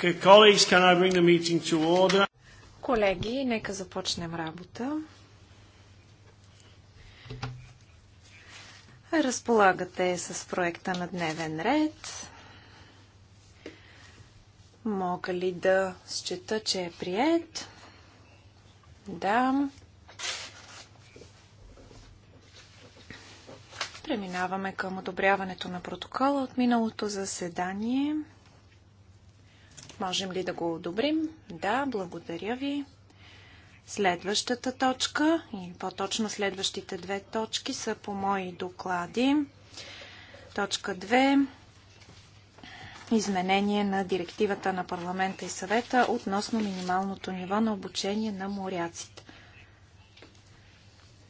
Okay, colleagues, can I bring the meeting to order? Колеги, нека започнем работа. Разполагате с проекта на дневен ред. Мога ли да счета, че е прият? Да. Преминаваме към одобряването на протокола от миналото заседание. Можем ли да го одобрим? Да, благодаря ви. Следващата точка и по-точно следващите две точки са по мои доклади. Точка 2. Изменение на директивата на парламента и съвета относно минималното ниво на обучение на моряците.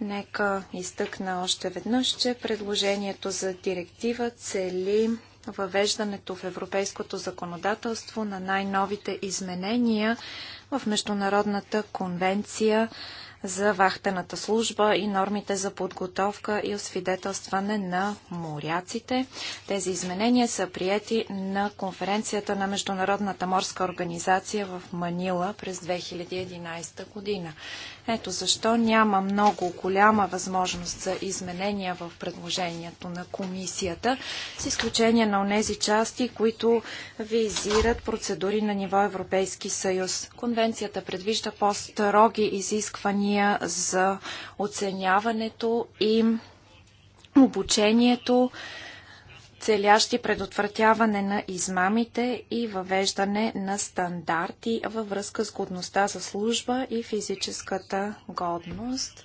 Нека изтъкна още веднъж, че предложението за директива цели въвеждането в европейското законодателство на най-новите изменения в Международната конвенция за вахтената служба и нормите за подготовка и освидетелстване на моряците. Тези изменения са приети на конференцията на Международната морска организация в Манила през 2011 година. Ето защо няма много голяма възможност за изменения в предложението на комисията, с изключение на онези части, които визират процедури на ниво Европейски съюз. Конвенцията предвижда по-строги изисквания за оценяването и обучението, целящи предотвратяване на измамите и въвеждане на стандарти във връзка с годността за служба и физическата годност.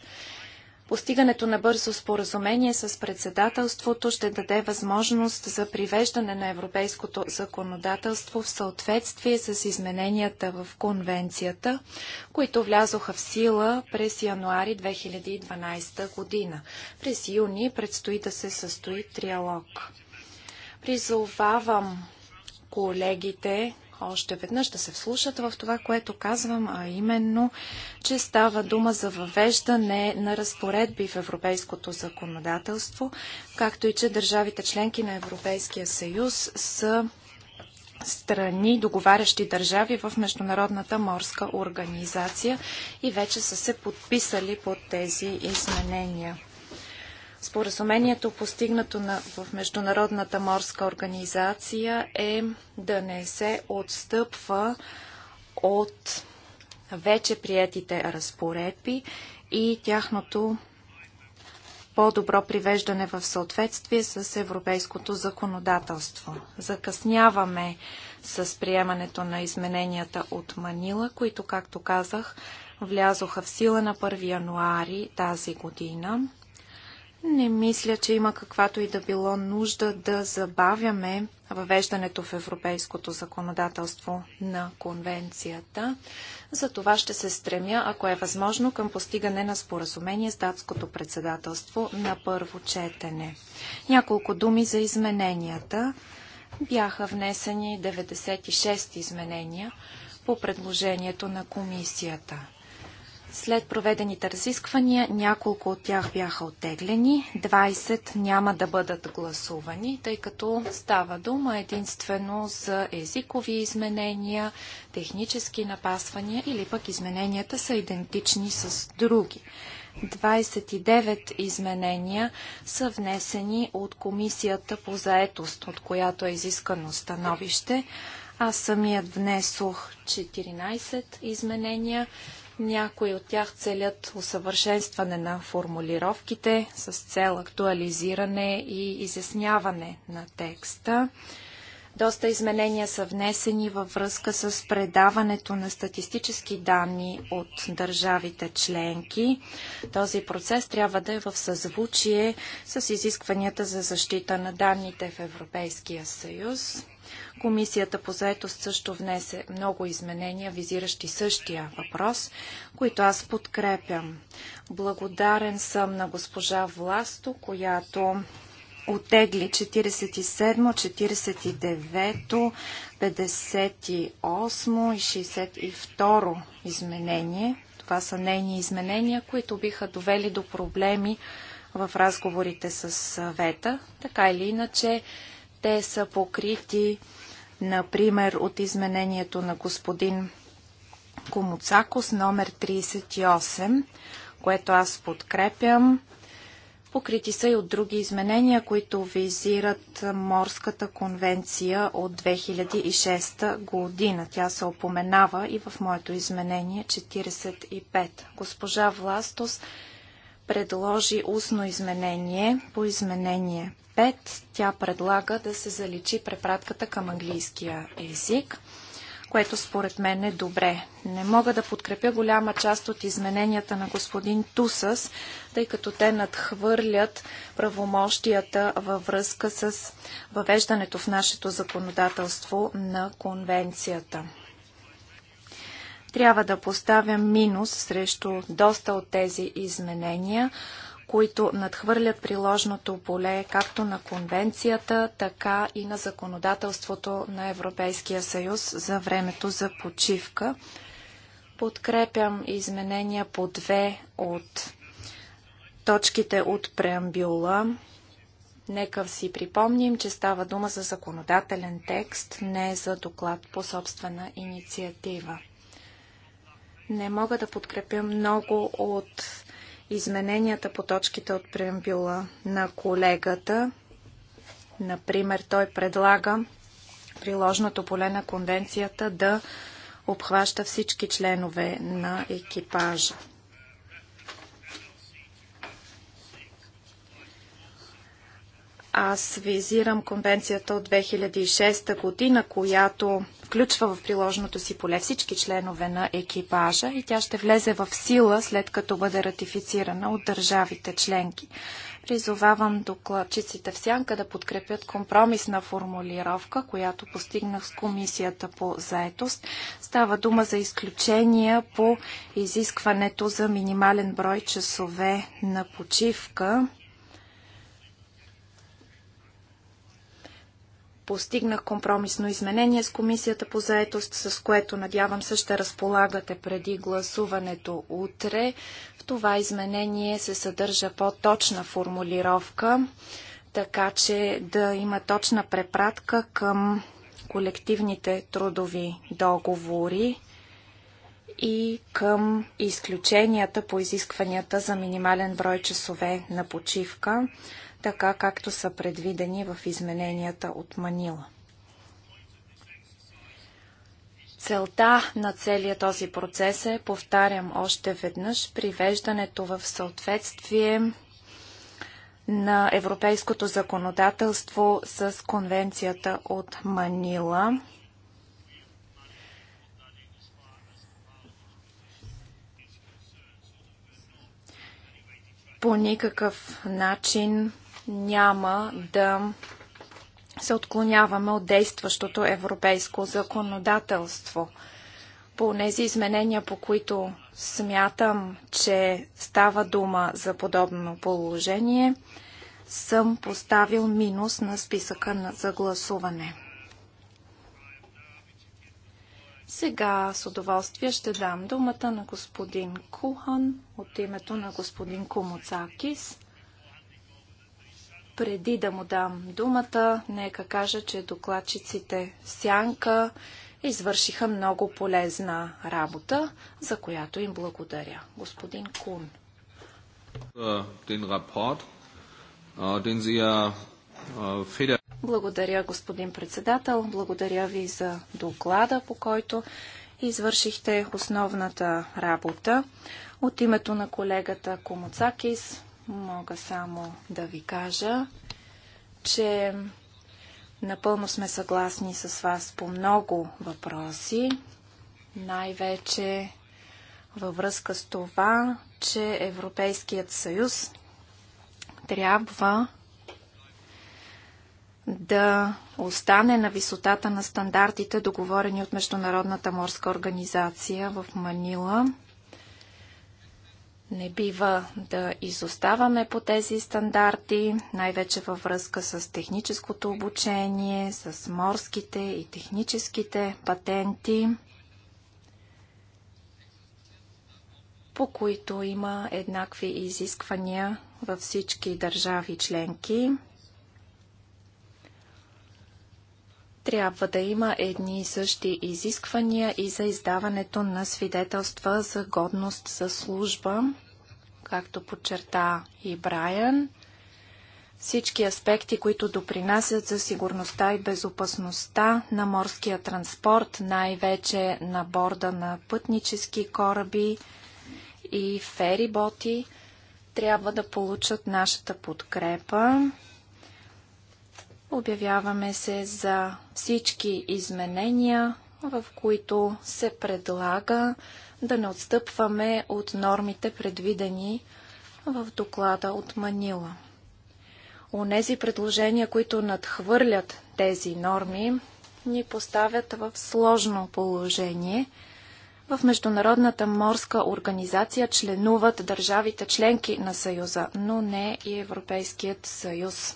Постигането на бързо споразумение с председателството ще даде възможност за привеждане на европейското законодателство в съответствие с измененията в конвенцията, които влязоха в сила през януари 2012 година. През юни предстои да се състои триалог. Призовавам колегите още веднъж да се вслушат в това, което казвам, а именно, че става дума за въвеждане на разпоредби в европейското законодателство, както и че държавите членки на Европейския съюз са страни, договарящи държави в Международната морска организация и вече са се подписали под тези изменения. Споразумението, постигнато на, в Международната морска организация, е да не се отстъпва от вече приятите разпоредби и тяхното по-добро привеждане в съответствие с европейското законодателство. Закъсняваме с приемането на измененията от Манила, които, както казах, влязоха в сила на 1 януари тази година. Не мисля, че има каквато и да било нужда да забавяме въвеждането в европейското законодателство на конвенцията. За това ще се стремя, ако е възможно, към постигане на споразумение с датското председателство на първо четене. Няколко думи за измененията. Бяха внесени 96 изменения по предложението на комисията. След проведените разисквания, няколко от тях бяха оттеглени, 20 няма да бъдат гласувани, тъй като става дума единствено за езикови изменения, технически напасвания или пък измененията са идентични с други. 29 изменения са внесени от Комисията по заетост, от която е изискано становище. Аз самият внесох 14 изменения. Някои от тях целят усъвършенстване на формулировките с цел актуализиране и изясняване на текста. Доста изменения са внесени във връзка с предаването на статистически данни от държавите членки. Този процес трябва да е в съзвучие с изискванията за защита на данните в Европейския съюз. Комисията по заетост също внесе много изменения, визиращи същия въпрос, които аз подкрепям. Благодарен съм на госпожа Власто, която отегли 47, 49, 58 и 62 изменение. Това са нейни изменения, които биха довели до проблеми в разговорите с съвета. Така или иначе, те са покрити например от изменението на господин Комуцакос номер 38, което аз подкрепям. Покрити са и от други изменения, които визират Морската конвенция от 2006 година. Тя се опоменава и в моето изменение 45. Госпожа Властос предложи устно изменение по изменение 5 тя предлага да се заличи препратката към английския език, което според мен е добре. Не мога да подкрепя голяма част от измененията на господин Тусас, тъй като те надхвърлят правомощията във връзка с въвеждането в нашето законодателство на конвенцията трябва да поставя минус срещу доста от тези изменения, които надхвърлят приложното поле както на конвенцията, така и на законодателството на Европейския съюз за времето за почивка. Подкрепям изменения по две от точките от преамбюла. Нека си припомним, че става дума за законодателен текст, не за доклад по собствена инициатива. Не мога да подкрепя много от измененията по точките от преамбюла на колегата. Например, той предлага приложното поле на конвенцията да обхваща всички членове на екипажа. Аз визирам конвенцията от 2006 година, която включва в приложеното си поле всички членове на екипажа и тя ще влезе в сила след като бъде ратифицирана от държавите членки. Призовавам докладчиците в сянка да подкрепят компромисна формулировка, която постигнах с комисията по заетост. Става дума за изключения по изискването за минимален брой часове на почивка постигнах компромисно изменение с комисията по заетост, с което надявам се ще разполагате преди гласуването утре. В това изменение се съдържа по-точна формулировка, така че да има точна препратка към колективните трудови договори и към изключенията по изискванията за минимален брой часове на почивка така както са предвидени в измененията от Манила. Целта на целият този процес е, повтарям още веднъж, привеждането в съответствие на европейското законодателство с конвенцията от Манила. По никакъв начин няма да се отклоняваме от действащото европейско законодателство. По тези изменения, по които смятам, че става дума за подобно положение, съм поставил минус на списъка на загласуване. Сега с удоволствие ще дам думата на господин Кухан от името на господин Комуцакис. Преди да му дам думата, нека кажа, че докладчиците Сянка извършиха много полезна работа, за която им благодаря. Господин Кун. Э, э, э, благодаря, господин председател. Благодаря ви за доклада, по който извършихте основната работа. От името на колегата Комоцакис Мога само да ви кажа, че напълно сме съгласни с вас по много въпроси, най-вече във връзка с това, че Европейският съюз трябва да остане на висотата на стандартите, договорени от Международната морска организация в Манила. Не бива да изоставаме по тези стандарти, най-вече във връзка с техническото обучение, с морските и техническите патенти, по които има еднакви изисквания във всички държави членки. трябва да има едни и същи изисквания и за издаването на свидетелства за годност за служба, както подчерта и Брайан. Всички аспекти, които допринасят за сигурността и безопасността на морския транспорт, най-вече на борда на пътнически кораби и фериботи, трябва да получат нашата подкрепа. Обявяваме се за всички изменения, в които се предлага да не отстъпваме от нормите предвидени в доклада от Манила. Онези предложения, които надхвърлят тези норми, ни поставят в сложно положение. В Международната морска организация членуват държавите членки на Съюза, но не и Европейският съюз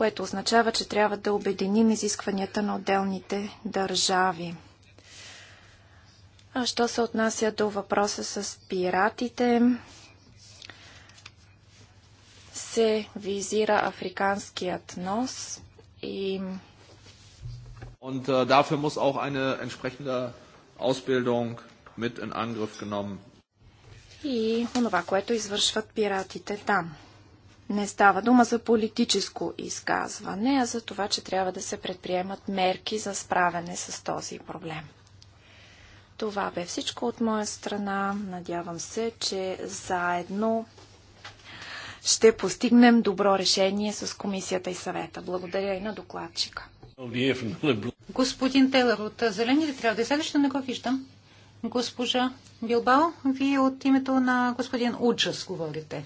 което означава, че трябва да обединим изискванията на отделните държави. А що се отнася до въпроса с пиратите, се визира африканският нос и Und äh, dafür muss auch eine entsprechende Ausbildung mit in Angriff genommen. И онова, което извършват пиратите там. Да. Не става дума за политическо изказване, а за това, че трябва да се предприемат мерки за справяне с този проблем. Това бе всичко от моя страна. Надявам се, че заедно ще постигнем добро решение с комисията и съвета. Благодаря и на докладчика. Господин Телър от Зелените трябва да излезе, не го виждам. Госпожа Билбао, вие от името на господин Уджас говорите.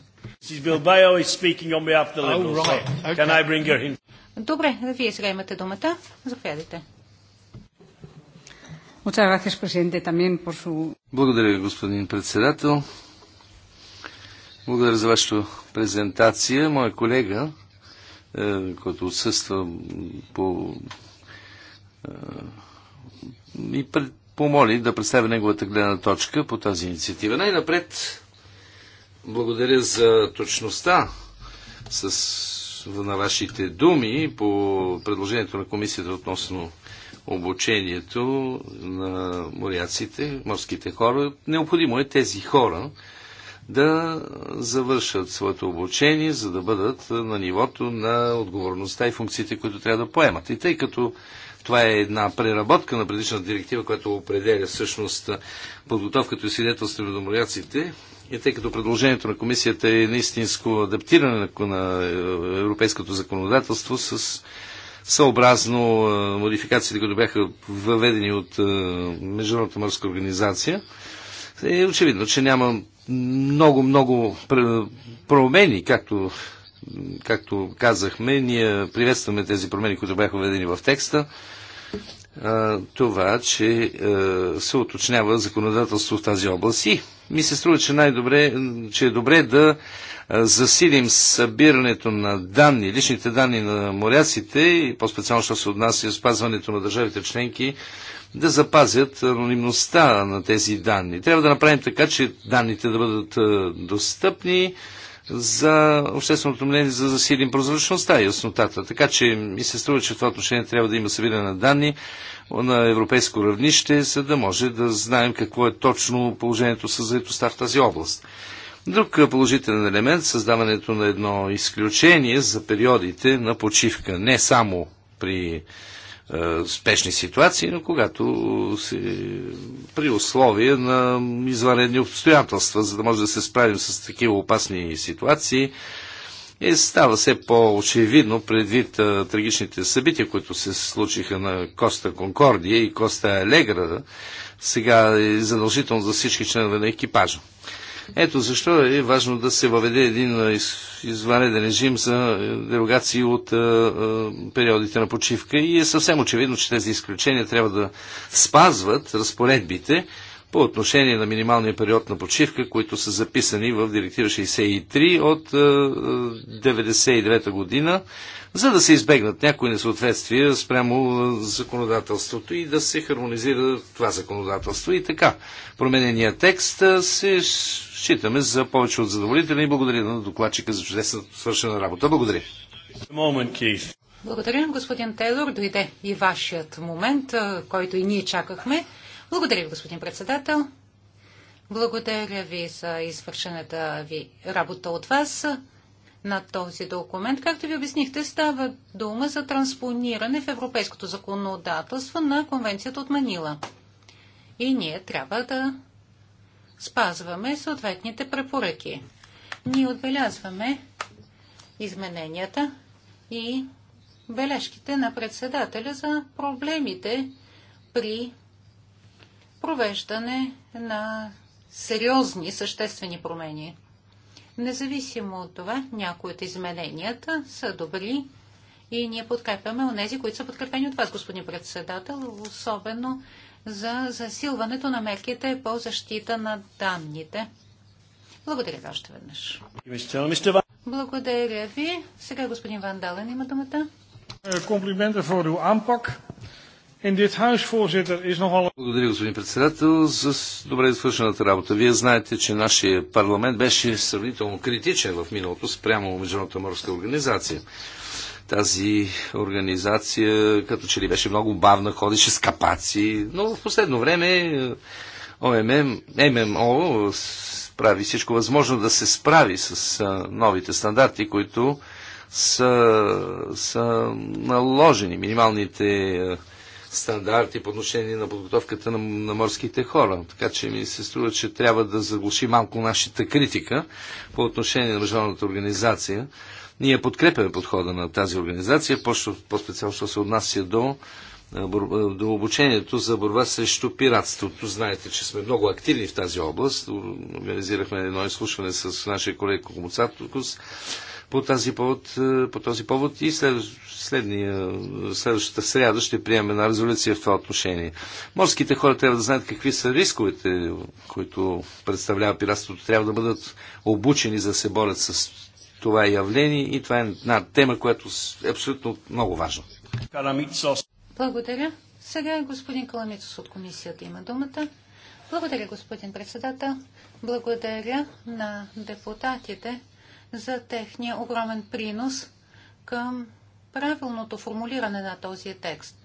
Добре, вие сега имате думата. Заповядайте. Благодаря, господин председател. Благодаря за вашата презентация. Моя колега, е, който отсъства по е, и помоли да представя неговата гледна точка по тази инициатива. Най-напред благодаря за точността с, на вашите думи по предложението на комисията относно обучението на моряците, морските хора. Необходимо е тези хора да завършат своето обучение, за да бъдат на нивото на отговорността и функциите, които трябва да поемат. И тъй като това е една преработка на предишната директива, която определя всъщност подготовката и свидетелство на домоляците. И тъй като предложението на комисията е наистинско адаптиране на европейското законодателство с съобразно модификациите, които бяха въведени от Международната морска организация, е очевидно, че няма много-много промени, както както казахме, ние приветстваме тези промени, които бяха введени в текста. Това, че се уточнява законодателство в тази област. И ми се струва, че най-добре, че е добре да засилим събирането на данни, личните данни на моряците и по-специално, що се отнася спазването на държавите членки, да запазят анонимността на тези данни. Трябва да направим така, че данните да бъдат достъпни, за общественото мнение, за да засилим прозрачността и яснотата. Така че ми се струва, че в това отношение трябва да има събиране на данни на европейско равнище, за да може да знаем какво е точно положението с заедостта в тази област. Друг положителен елемент – създаването на едно изключение за периодите на почивка. Не само при е, спешни ситуации, но когато се, при условия на извънредни обстоятелства, за да може да се справим с такива опасни ситуации, е става все по-очевидно предвид а, е, трагичните събития, които се случиха на Коста Конкордия и Коста Алегра, сега е задължително за всички членове на екипажа. Ето защо е важно да се въведе един извънреден режим за дерогации от периодите на почивка и е съвсем очевидно, че тези изключения трябва да спазват разпоредбите по отношение на минималния период на почивка, които са записани в Директива 63 от 1999 година за да се избегнат някои несъответствия спрямо законодателството и да се хармонизира това законодателство. И така, променения текст се считаме за повече от задоволителен и благодаря на докладчика за чудесна свършена работа. Благодаря. благодаря, господин Тейлор. Дойде и вашият момент, който и ние чакахме. Благодаря, господин председател. Благодаря ви за извършената ви работа от вас на този документ. Както ви обяснихте, става дума за транспониране в европейското законодателство на конвенцията от Манила. И ние трябва да спазваме съответните препоръки. Ние отбелязваме измененията и бележките на председателя за проблемите при провеждане на сериозни съществени промени. Независимо от това, някои от измененията са добри и ние подкрепяме тези, които са подкрепени от вас, господин председател, особено за засилването на мерките по защита на данните. Благодаря ви още веднъж. Благодаря ви. Сега господин Вандален има думата. Е, Комплимента за uw In dit huis, voorzitter, is nogal... Благодаря, господин председател, за добре извършената работа. Вие знаете, че нашия парламент беше сравнително критичен в миналото спрямо Международната морска организация. Тази организация, като че ли беше много бавна, ходеше с капаци, но в последно време е, ОММ, ММО прави всичко възможно да се справи с новите стандарти, които са, са наложени. Минималните стандарти по отношение на подготовката на, на морските хора. Така че ми се струва, че трябва да заглуши малко нашата критика по отношение на Международната организация. Ние подкрепяме подхода на тази организация, по-специално, що се отнася до до обучението за борба срещу пиратството. Знаете, че сме много активни в тази област. Организирахме едно изслушване с нашия колега Комуцатокус по, тази повод, е, по този повод и след, следния, следващата сряда ще приемем една резолюция в това отношение. Морските хора трябва да знаят какви са рисковете, които представлява пиратството. Трябва да бъдат обучени за да се борят с това явление и това е една тема, която е абсолютно много важна. Благодаря. Сега господин Каламитос от комисията има думата. Благодаря, господин председател. Благодаря на депутатите за техния огромен принос към правилното формулиране на този текст.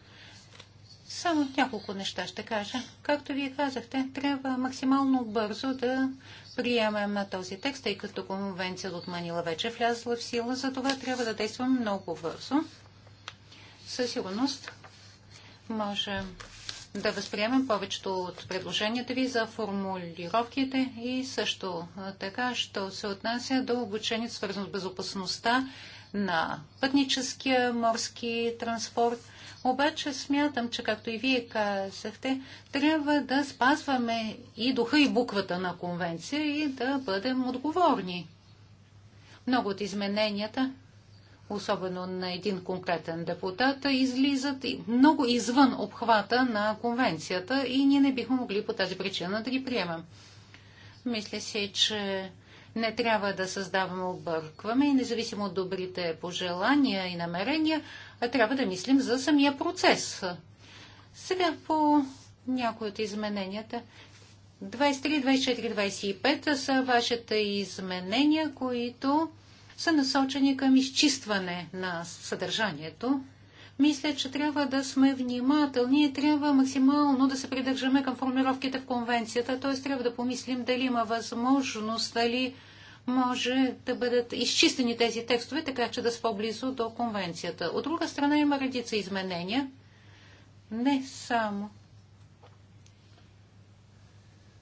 Само няколко неща ще кажа. Както вие казахте, трябва максимално бързо да приемем на този текст, тъй като конвенцията от Манила вече е влязла в сила, за това трябва да действаме много бързо. Със сигурност можем да възприемем повечето от предложенията ви за формулировките и също така, що се отнася до обучение, свързано с безопасността на пътническия морски транспорт. Обаче смятам, че както и вие казахте, трябва да спазваме и духа и буквата на конвенция и да бъдем отговорни. Много от измененията особено на един конкретен депутат, излизат много извън обхвата на конвенцията и ние не бихме могли по тази причина да ги приемем. Мисля си, че не трябва да създаваме объркваме и независимо от добрите пожелания и намерения, трябва да мислим за самия процес. Сега по някои от измененията. 23, 24, 25 са вашите изменения, които са насочени към изчистване на съдържанието. Мисля, че трябва да сме внимателни и трябва максимално да се придържаме към формировките в конвенцията, т.е. трябва да помислим дали има възможност, дали може да бъдат изчистени тези текстове, така че да са по-близо до конвенцията. От друга страна има редица изменения, не само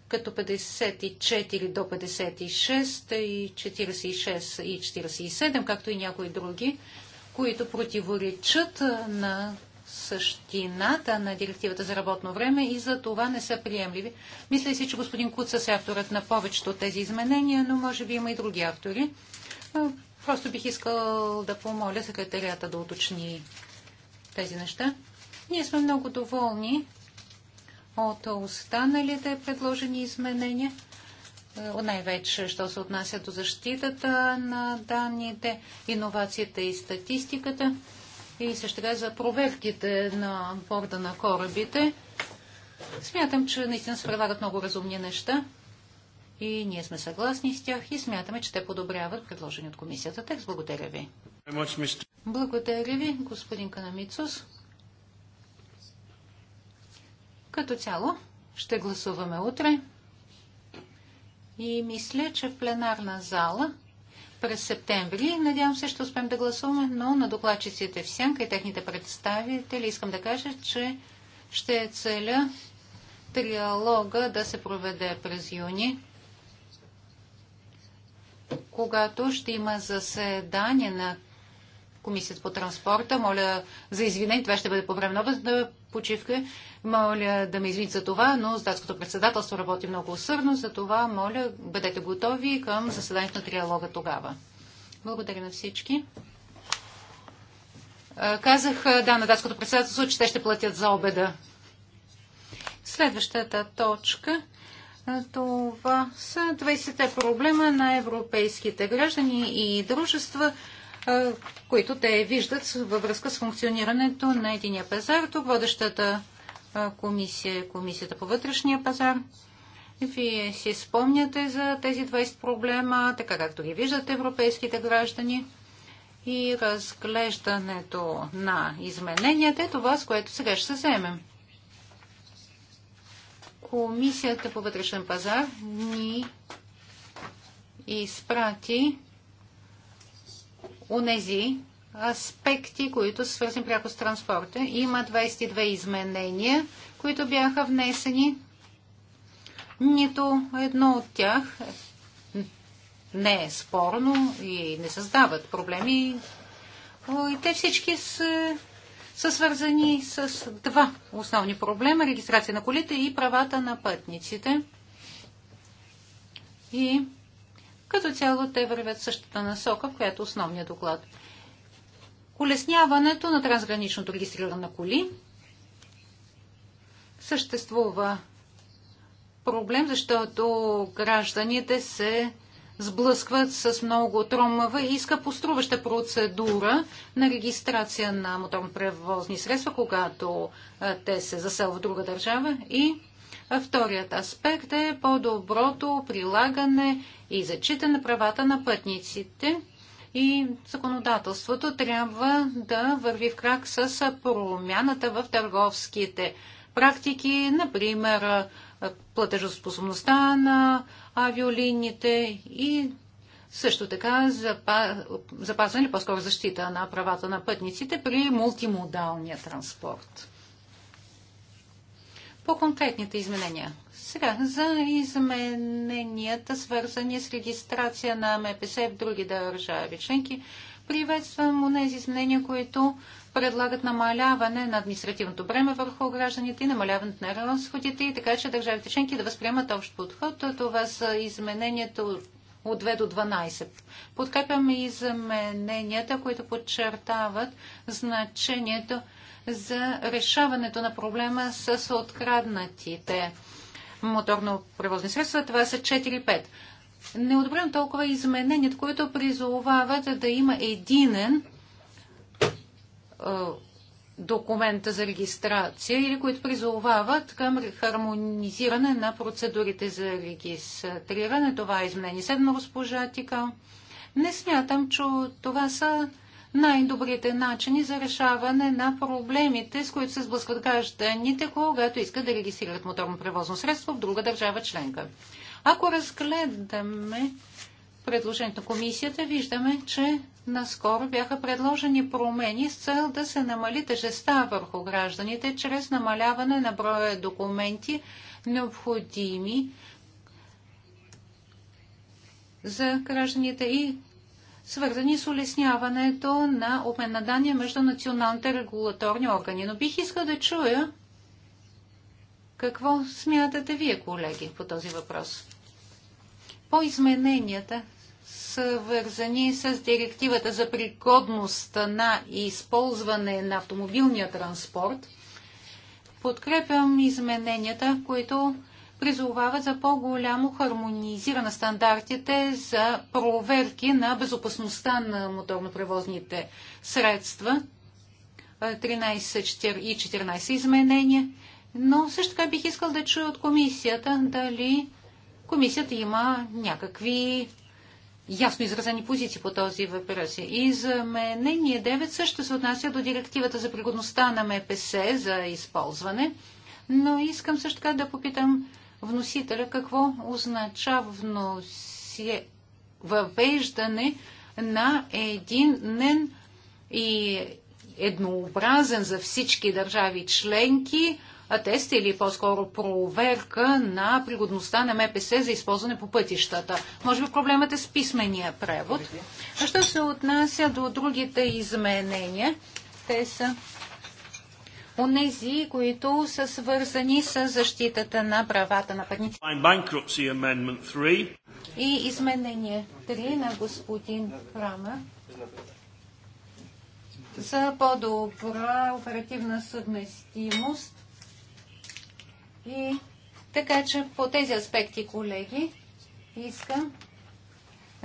като 54 до 56 и 46 и 47, както и някои други, които противоречат на същината на директивата за работно време и за това не са приемливи. Мисля си, че господин Куцас е авторът на повечето от тези изменения, но може би има и други автори. Просто бих искал да помоля секретарията да уточни тези неща. Ние сме много доволни от останалите предложени изменения, е, най-вече, що се отнася до защитата на данните, иновацията и статистиката и също така за проверките на борда на корабите. Смятам, че наистина се предлагат много разумни неща и ние сме съгласни с тях и смятаме, че те подобряват предложени от комисията текст. Благодаря ви. Благодаря ви, господин Канамицус. Като цяло ще гласуваме утре и мисля, че в пленарна зала през септември. Надявам се, ще успеем да гласуваме, но на докладчиците в сянка и техните представители искам да кажа, че ще е целя триалога да се проведе през юни, когато ще има заседание на Комисията по транспорта. Моля за извинение, това ще бъде по време на да почивка. Моля да ме извините за това, но с датското председателство работи много усърдно, за това моля бъдете готови към заседанието на триалога тогава. Благодаря на всички. Казах, да, на датското председателство, че те ще платят за обеда. Следващата точка това са 20-те проблема на европейските граждани и дружества, които те виждат във връзка с функционирането на единия пазар. Тук водещата комисия е комисията по вътрешния пазар. Вие си спомняте за тези 20 проблема, така както ги виждат европейските граждани и разглеждането на измененията е това, с което сега ще се вземем. Комисията по вътрешен пазар ни изпрати онези аспекти, които са свързани пряко с транспорта. Има 22 изменения, които бяха внесени. Нито едно от тях не е спорно и не създават проблеми. И те всички са, са свързани с два основни проблема регистрация на колите и правата на пътниците. И като цяло те вървят същата насока, в която основния доклад. Улесняването на трансграничното регистриране на коли съществува проблем, защото гражданите се сблъскват с много тромава и иска поструваща процедура на регистрация на моторно превозни средства, когато те се заселват в друга държава и Вторият аспект е по-доброто прилагане и зачитане правата на пътниците и законодателството трябва да върви в крак с промяната в търговските практики, например платежоспособността на авиолиниите и също така запазване, по-скоро защита на правата на пътниците при мултимодалния транспорт по конкретните изменения. Сега, за измененията, свързани с регистрация на МПС в други държави членки, приветствам у нези изменения, които предлагат намаляване на административното бреме върху гражданите и намаляването на разходите, и така че държавите членки да възприемат общ подход. Това са измененията от 2 до 12. Подкрепяме измененията, които подчертават значението за решаването на проблема с откраднатите моторно превозни средства. Това са 4-5. Не одобрям толкова измененията, които призовават да има единен документа за регистрация или които призовават към хармонизиране на процедурите за регистриране. Това е изменение 7 госпожа Тика. Не смятам, че това са най-добрите начини за решаване на проблемите, с които се сблъскват гражданите, когато искат да регистрират моторно превозно средство в друга държава членка. Ако разгледаме предложението на комисията, виждаме, че наскоро бяха предложени промени с цел да се намали тежеста върху гражданите чрез намаляване на броя документи, необходими за гражданите и свързани с улесняването на обмен на данни между националните регулаторни органи. Но бих искал да чуя какво смятате вие, колеги, по този въпрос. По измененията, свързани с директивата за пригодността на използване на автомобилния транспорт, подкрепям измененията, които Призовава за по-голямо хармонизиране на стандартите за проверки на безопасността на моторно-превозните средства. 13 е, и 14 изменения. Но също така бих искал да чуя от комисията дали комисията има някакви ясно изразени позиции по този въпрос. И за 9 също се отнася до директивата за пригодността на МПС за използване. Но искам също така да попитам вносителя какво означава вноси... въвеждане на единен и еднообразен за всички държави членки тест или по-скоро проверка на пригодността на МПС за използване по пътищата. Може би проблемът е с писмения превод. А що се отнася до другите изменения, те са онези, които са свързани с защитата на правата на пътниците. И изменение 3 на господин Рама за по-добра оперативна съвместимост. И така че по тези аспекти, колеги, искам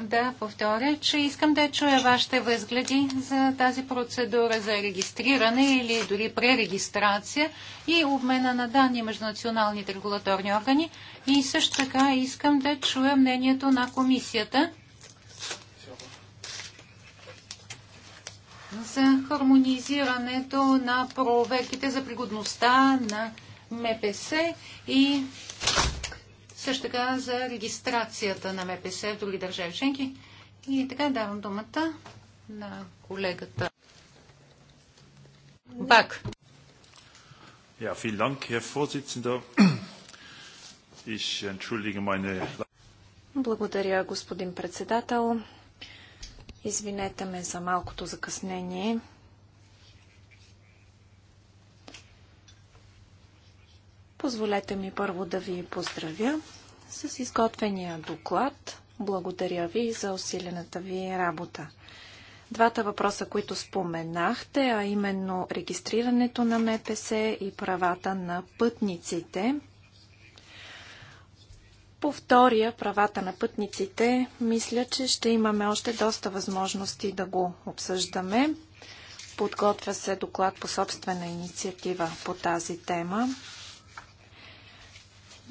да повторя, че искам да чуя вашите възгледи за тази процедура за регистриране или дори пререгистрация и обмена на данни между националните регулаторни органи. И също така искам да чуя мнението на комисията за хармонизирането на проверките за пригодността на МПС и също така за регистрацията на МПС в други държави членки. И така давам думата на колегата. Бак. Ja, vielen Dank, Herr Vorsitzender. Ich entschuldige meine... Благодаря, господин председател. Извинете ме за малкото закъснение. Позволете ми първо да ви поздравя с изготвения доклад. Благодаря ви за усилената ви работа. Двата въпроса, които споменахте, а именно регистрирането на МПС и правата на пътниците. По втория, правата на пътниците, мисля, че ще имаме още доста възможности да го обсъждаме. Подготвя се доклад по собствена инициатива по тази тема.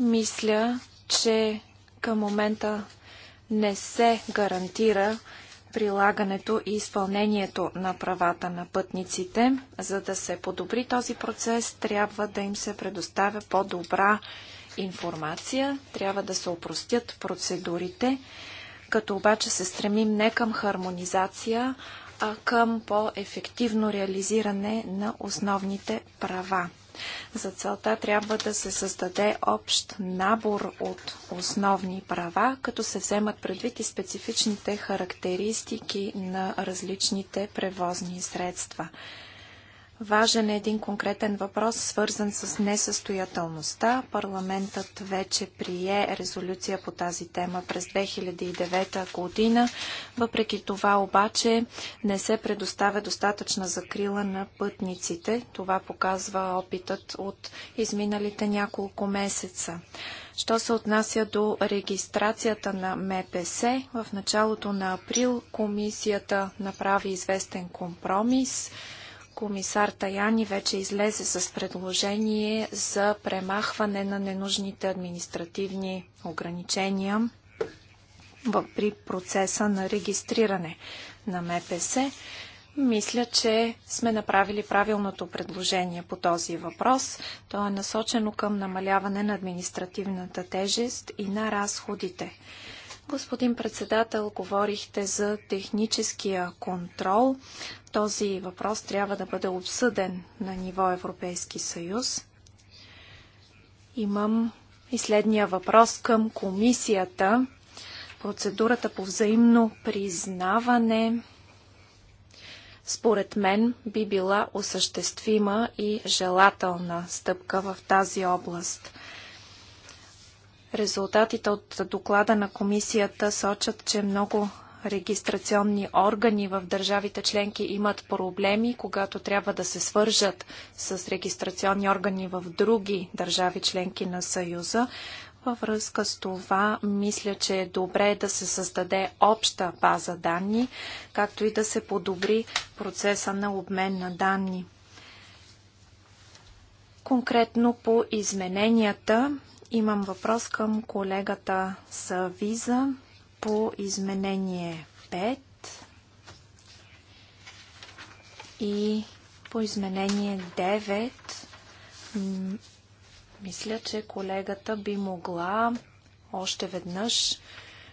Мисля, че към момента не се гарантира прилагането и изпълнението на правата на пътниците. За да се подобри този процес, трябва да им се предоставя по-добра информация, трябва да се опростят процедурите, като обаче се стремим не към хармонизация, а към по-ефективно реализиране на основните права. За целта трябва да се създаде общ набор от основни права, като се вземат предвид и специфичните характеристики на различните превозни средства. Важен е един конкретен въпрос, свързан с несъстоятелността. Парламентът вече прие резолюция по тази тема през 2009 година. Въпреки това обаче не се предоставя достатъчна закрила на пътниците. Това показва опитът от изминалите няколко месеца. Що се отнася до регистрацията на МПС, в началото на април комисията направи известен компромис – комисар Таяни вече излезе с предложение за премахване на ненужните административни ограничения при процеса на регистриране на МПС. Мисля, че сме направили правилното предложение по този въпрос. То е насочено към намаляване на административната тежест и на разходите. Господин председател, говорихте за техническия контрол. Този въпрос трябва да бъде обсъден на ниво Европейски съюз. Имам и следния въпрос към комисията. Процедурата по взаимно признаване според мен би била осъществима и желателна стъпка в тази област. Резултатите от доклада на комисията сочат, че много регистрационни органи в държавите членки имат проблеми, когато трябва да се свържат с регистрационни органи в други държави членки на Съюза. Във връзка с това, мисля, че е добре да се създаде обща база данни, както и да се подобри процеса на обмен на данни. Конкретно по измененията Имам въпрос към колегата Савиза по изменение 5 и по изменение 9. Мисля, че колегата би могла още веднъж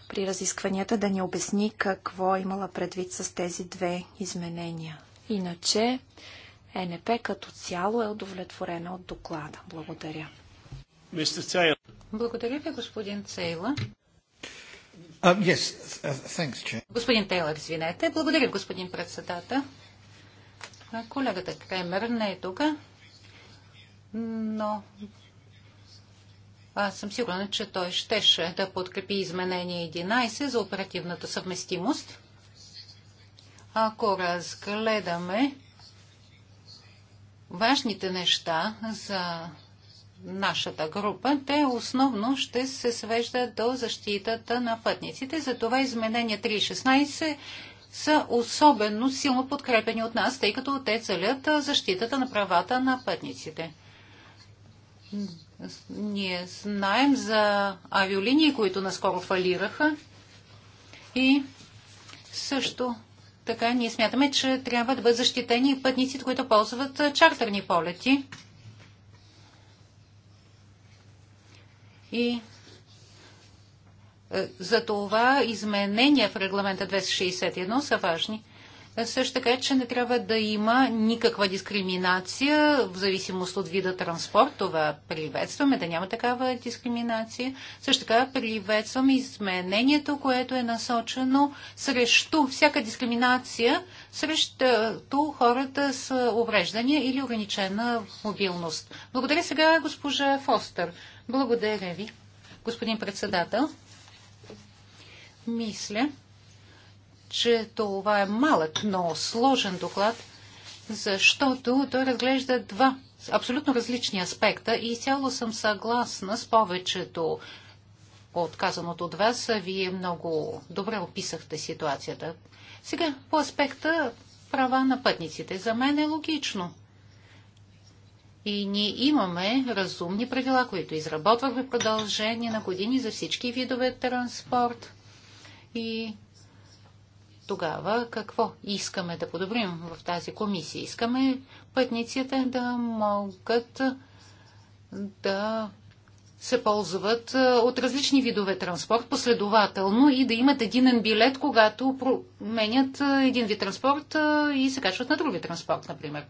при разискванията да ни обясни какво е имала предвид с тези две изменения. Иначе ЕНП като цяло е удовлетворена от доклада. Благодаря. Благодаря ви, господин Цейла. Um, uh, yes. thanks, господин Тейлър, извинете. Благодаря, господин председател. Колегата Кремер не е тук, но аз съм сигурна, че той щеше да подкрепи изменение 11 за оперативната съвместимост. Ако разгледаме важните неща за нашата група, те основно ще се свеждат до защитата на пътниците. Затова изменения 3.16 са особено силно подкрепени от нас, тъй като те целят защитата на правата на пътниците. Ние знаем за авиолинии, които наскоро фалираха и също така ние смятаме, че трябва да бъдат защитени пътниците, които ползват чартерни полети. И е, за това изменения в регламента 261 са важни. Е, също така, че не трябва да има никаква дискриминация в зависимост от вида транспорт. Това приветстваме, да няма такава дискриминация. Също така приветстваме изменението, което е насочено срещу всяка дискриминация срещу хората с увреждания или ограничена мобилност. Благодаря сега госпожа Фостер. Благодаря ви, господин председател. Мисля, че това е малък, но сложен доклад, защото той разглежда два абсолютно различни аспекта и цяло съм съгласна с повечето отказаното от вас. Вие много добре описахте ситуацията. Сега по аспекта права на пътниците. За мен е логично и ние имаме разумни правила, които изработвахме в продължение на години за всички видове транспорт. И тогава какво искаме да подобрим в тази комисия? Искаме пътниците да могат да се ползват от различни видове транспорт последователно и да имат единен билет, когато променят един вид транспорт и се качват на други транспорт, например.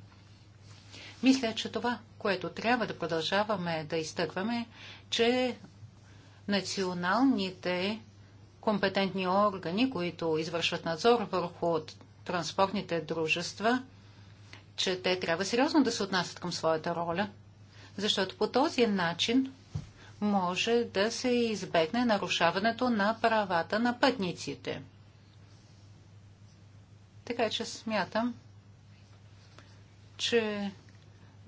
Мисля, че това, което трябва да продължаваме да изтъкваме, че националните компетентни органи, които извършват надзор върху транспортните дружества, че те трябва сериозно да се отнасят към своята роля, защото по този начин може да се избегне нарушаването на правата на пътниците. Така че смятам, че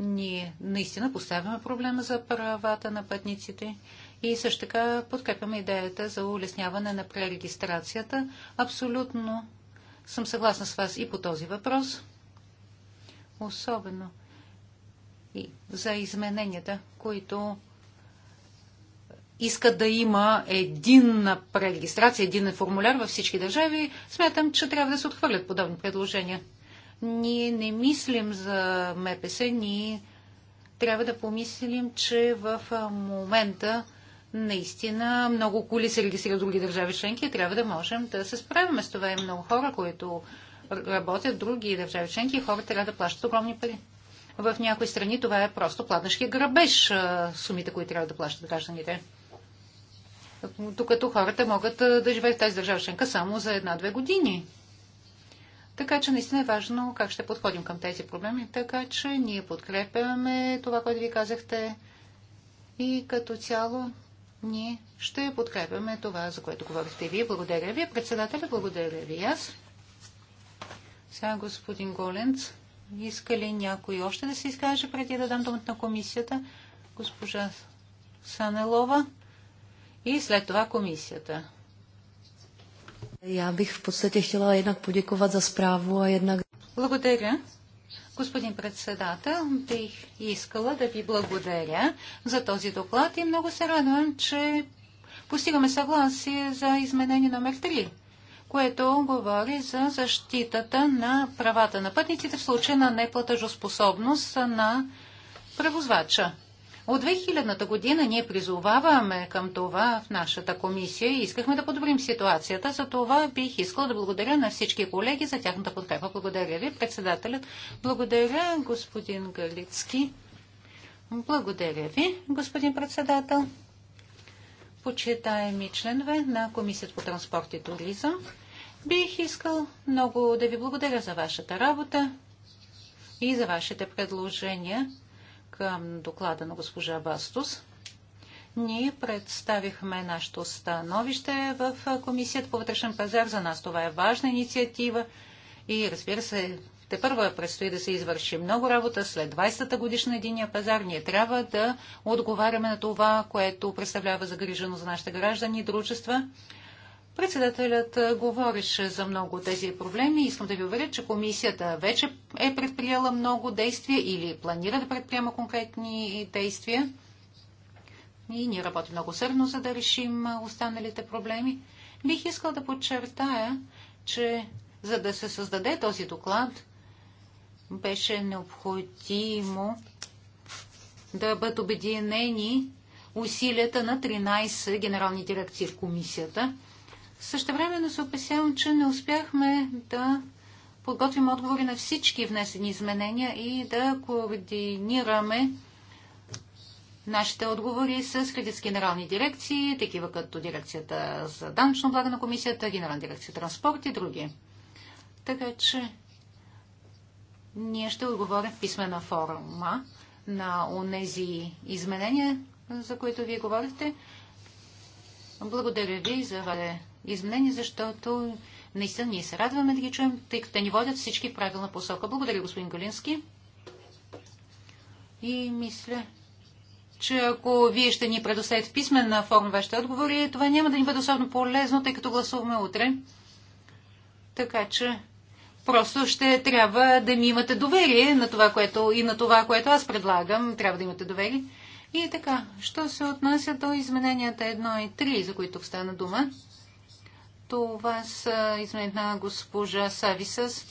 ние наистина поставяме проблема за правата на пътниците и също така подкрепяме идеята за улесняване на пререгистрацията. Абсолютно съм съгласна с вас и по този въпрос. Особено и за измененията, които искат да има единна пререгистрация, един формуляр във всички държави, смятам, че трябва да се отхвърлят подобни предложения. Ние не мислим за МПС, ние трябва да помислим, че в момента наистина много коли се регистрират други държави членки и трябва да можем да се справим с това. И много хора, които работят в други държави членки и хората трябва да плащат огромни пари. В някои страни това е просто платнашки грабеж, сумите, които трябва да плащат гражданите. Докато хората могат да живеят в тази държава членка само за една-две години. Така че наистина е важно как ще подходим към тези проблеми, така че ние подкрепяме това, което ви казахте и като цяло ние ще подкрепяме това, за което говорихте вие. Благодаря ви, председателя, благодаря ви аз. Сега господин Голенц, иска ли някой още да се изкаже преди да дам думата на комисията? Госпожа Санелова и след това комисията. Я бих в подсъте хотела еднак подяковат за справо, а еднак... Благодаря. Господин председател, бих искала да ви благодаря за този доклад и много се радвам, че постигаме съгласие за изменение номер 3 което говори за защитата на правата на пътниците в случай на неплатежоспособност на превозвача. От 2000-та година ние призоваваме към това в нашата комисия и искахме да подобрим ситуацията. За това бих искал да благодаря на всички колеги за тяхната подкрепа. Благодаря ви, председателят. Благодаря, господин Галицки. Благодаря ви, господин председател. Почитаеми членове на Комисията по транспорт и туризъм, бих искал много да ви благодаря за вашата работа и за вашите предложения към доклада на госпожа Бастус. Ние представихме нашето становище в Комисията по вътрешен пазар. За нас това е важна инициатива и разбира се, те първо предстои да се извърши много работа. След 20-та годишна единия пазар ние трябва да отговаряме на това, което представлява загрижено за нашите граждани и дружества. Председателят говореше за много от тези проблеми. Искам да ви уверя, че комисията вече е предприела много действия или планира да предприема конкретни действия. И ние работим много сърно, за да решим останалите проблеми. Бих искал да подчертая, че за да се създаде този доклад, беше необходимо да бъдат обединени усилията на 13 генерални дирекции в комисията – също време се опасявам, че не успяхме да подготвим отговори на всички внесени изменения и да координираме нашите отговори с кредитски генерални дирекции, такива като дирекцията за данъчно блага на комисията, генерална дирекция транспорт и други. Така че ние ще отговорим в писмена форма на онези изменения, за които вие говорите. Благодаря ви за Изменени, защото наистина ние се радваме да ги чуем, тъй като те ни водят всички в правилна посока. Благодаря, господин Галински. И мисля, че ако вие ще ни предоставите писмен форма вашите отговори, това няма да ни бъде особено полезно, тъй като гласуваме утре. Така че просто ще трябва да ми имате доверие на това, което, и на това, което аз предлагам. Трябва да имате доверие. И така, що се отнася до измененията 1 и 3, за които стана дума? Това са изменят на госпожа Сависъс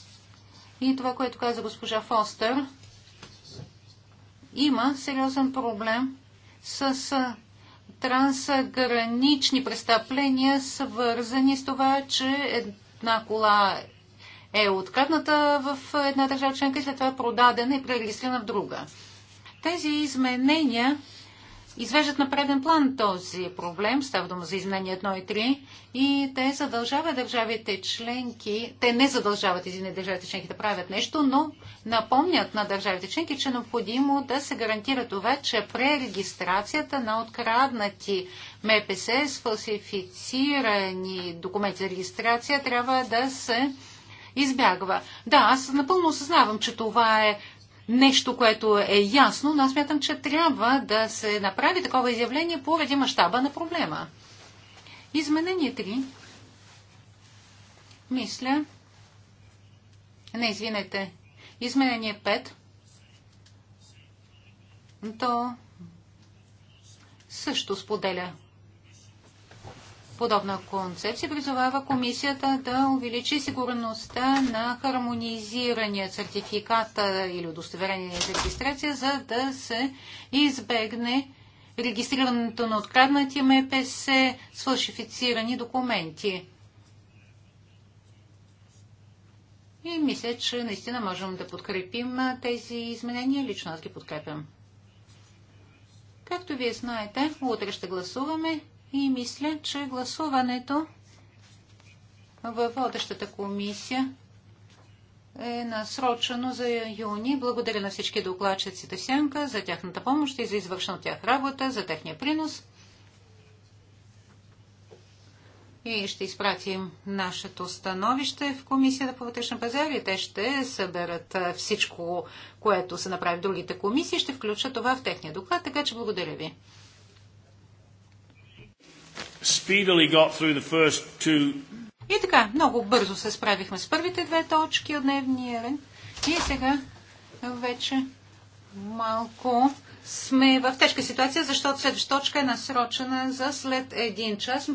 и това, което каза госпожа Фостер. Има сериозен проблем с трансгранични престъпления, свързани с това, че една кола е открадната в една държава членка и след това е продадена и пререгистрирана в друга. Тези изменения извеждат на преден план този проблем. Става дума за изменение 1 и 3. И те задължават държавите членки, те не задължават извините държавите членки да правят нещо, но напомнят на държавите членки, че е необходимо да се гарантира това, че пререгистрацията на откраднати МПС с фалсифицирани документи за регистрация трябва да се избягва. Да, аз напълно осъзнавам, че това е нещо, което е ясно, но аз мятам, че трябва да се направи такова изявление поради мащаба на проблема. Изменение 3. Мисля. Не, извинете. Изменение 5. То също споделя подобна концепция призовава комисията да увеличи сигурността на хармонизирания сертификат или удостоверение за регистрация, за да се избегне регистрирането на откраднати МПС с фалшифицирани документи. И мисля, че наистина можем да подкрепим тези изменения. Лично аз ги подкрепям. Както вие знаете, утре ще гласуваме и мисля, че гласуването във водещата комисия е насрочено за юни. Благодаря на всички докладчиците в Сянка за тяхната помощ и за извършена от тях работа, за техния принос. И ще изпратим нашето становище в Комисията по вътрешен пазар и те ще съберат всичко, което се направи в другите комисии, ще включат това в техния доклад, така че благодаря ви speedily got through the first two. И така, много бързо се справихме с първите две точки от дневния ред. И сега вече малко сме в тежка ситуация, защото следващата точка е насрочена за след един час.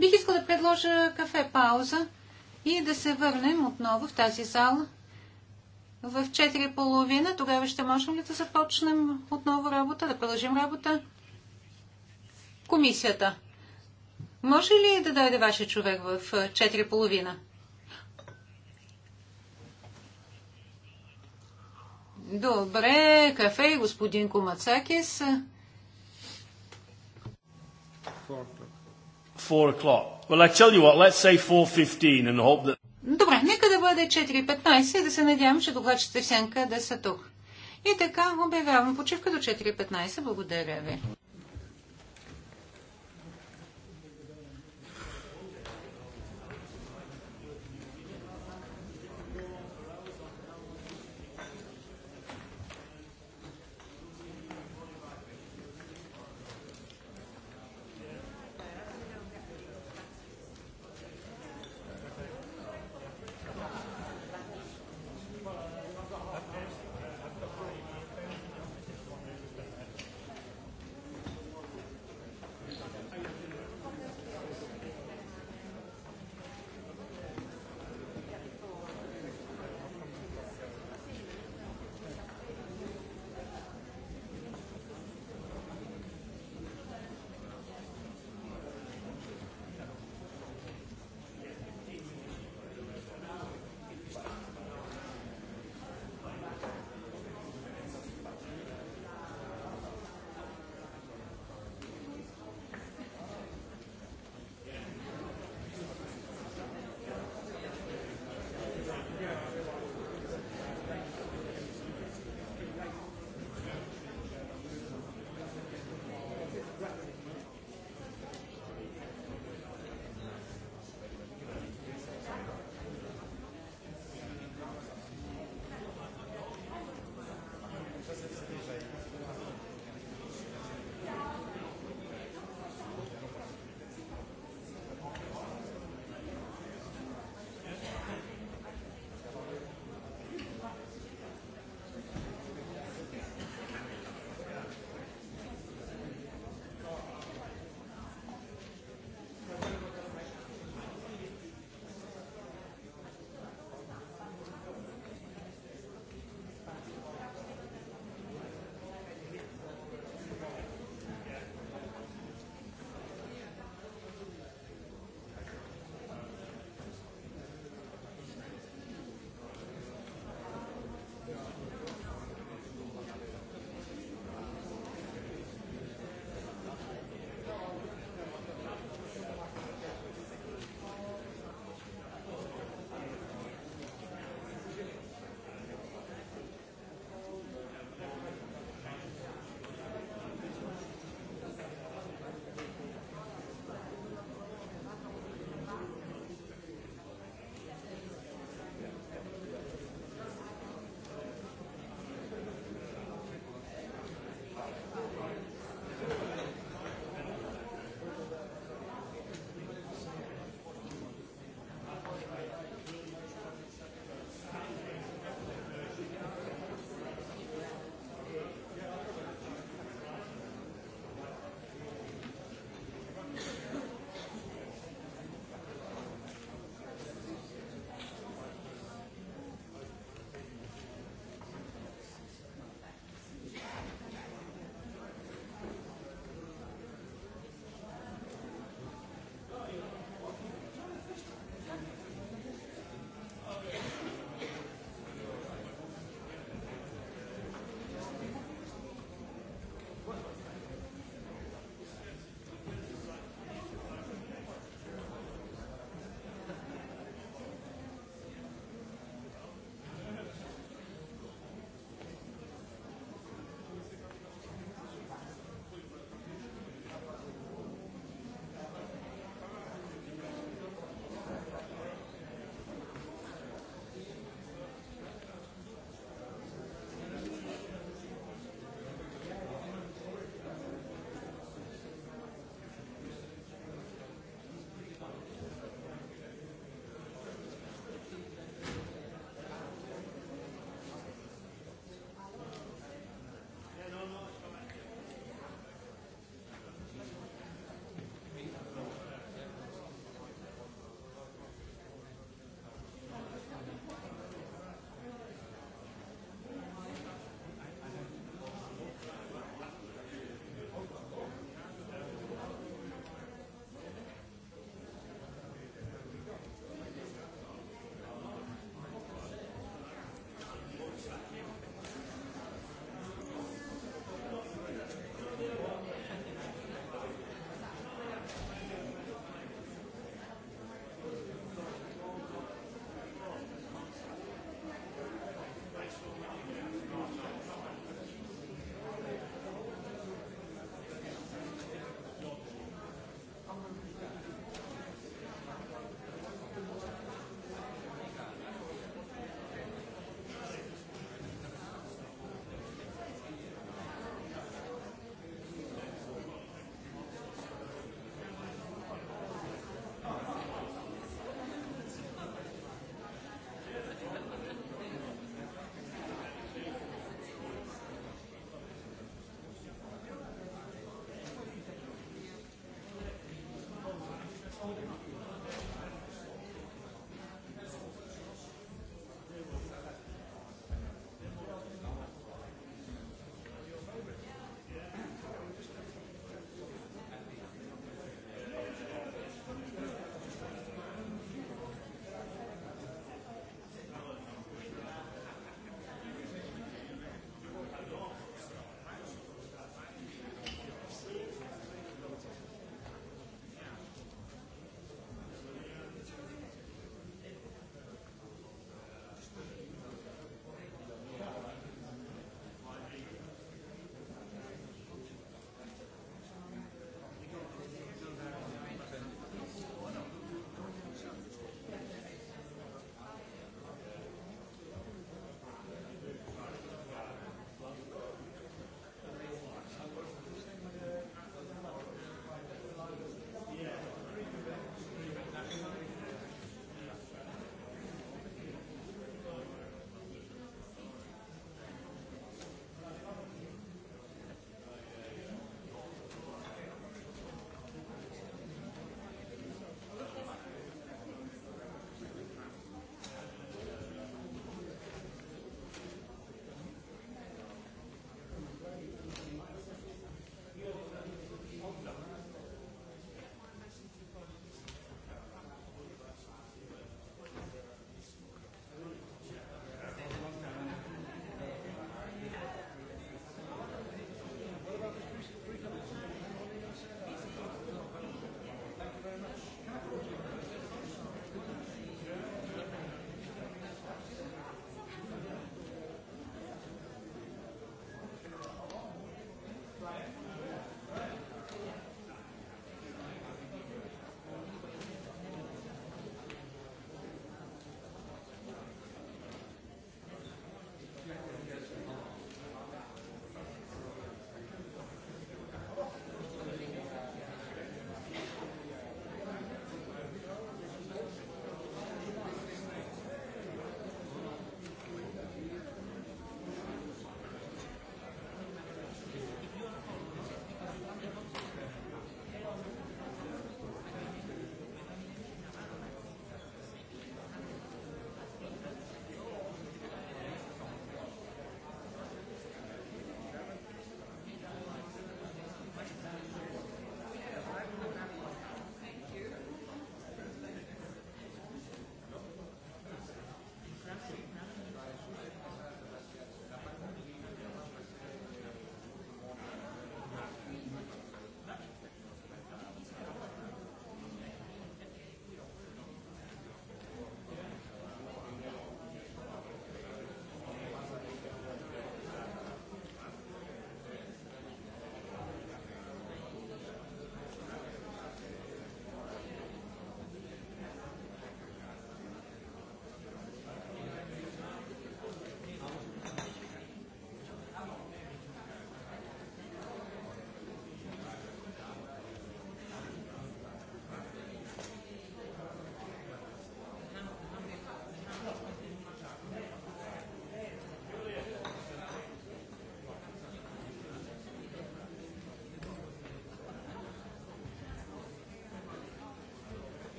Бих искал да предложа кафе пауза и да се върнем отново в тази зала в 4.30. Тогава ще можем ли да започнем отново работа, да продължим работа? Комисията. Може ли да дойде вашия човек в 4 половина? Добре, кафе и господин Комацакис. 4 Well, I tell you what, let's say 4.15 and hope that... Добре, нека да бъде 4.15 и да се надявам, че докладчите в сянка да са тук. И така обявявам почивка до 4.15. Благодаря ви.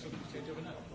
circumstantial evidence.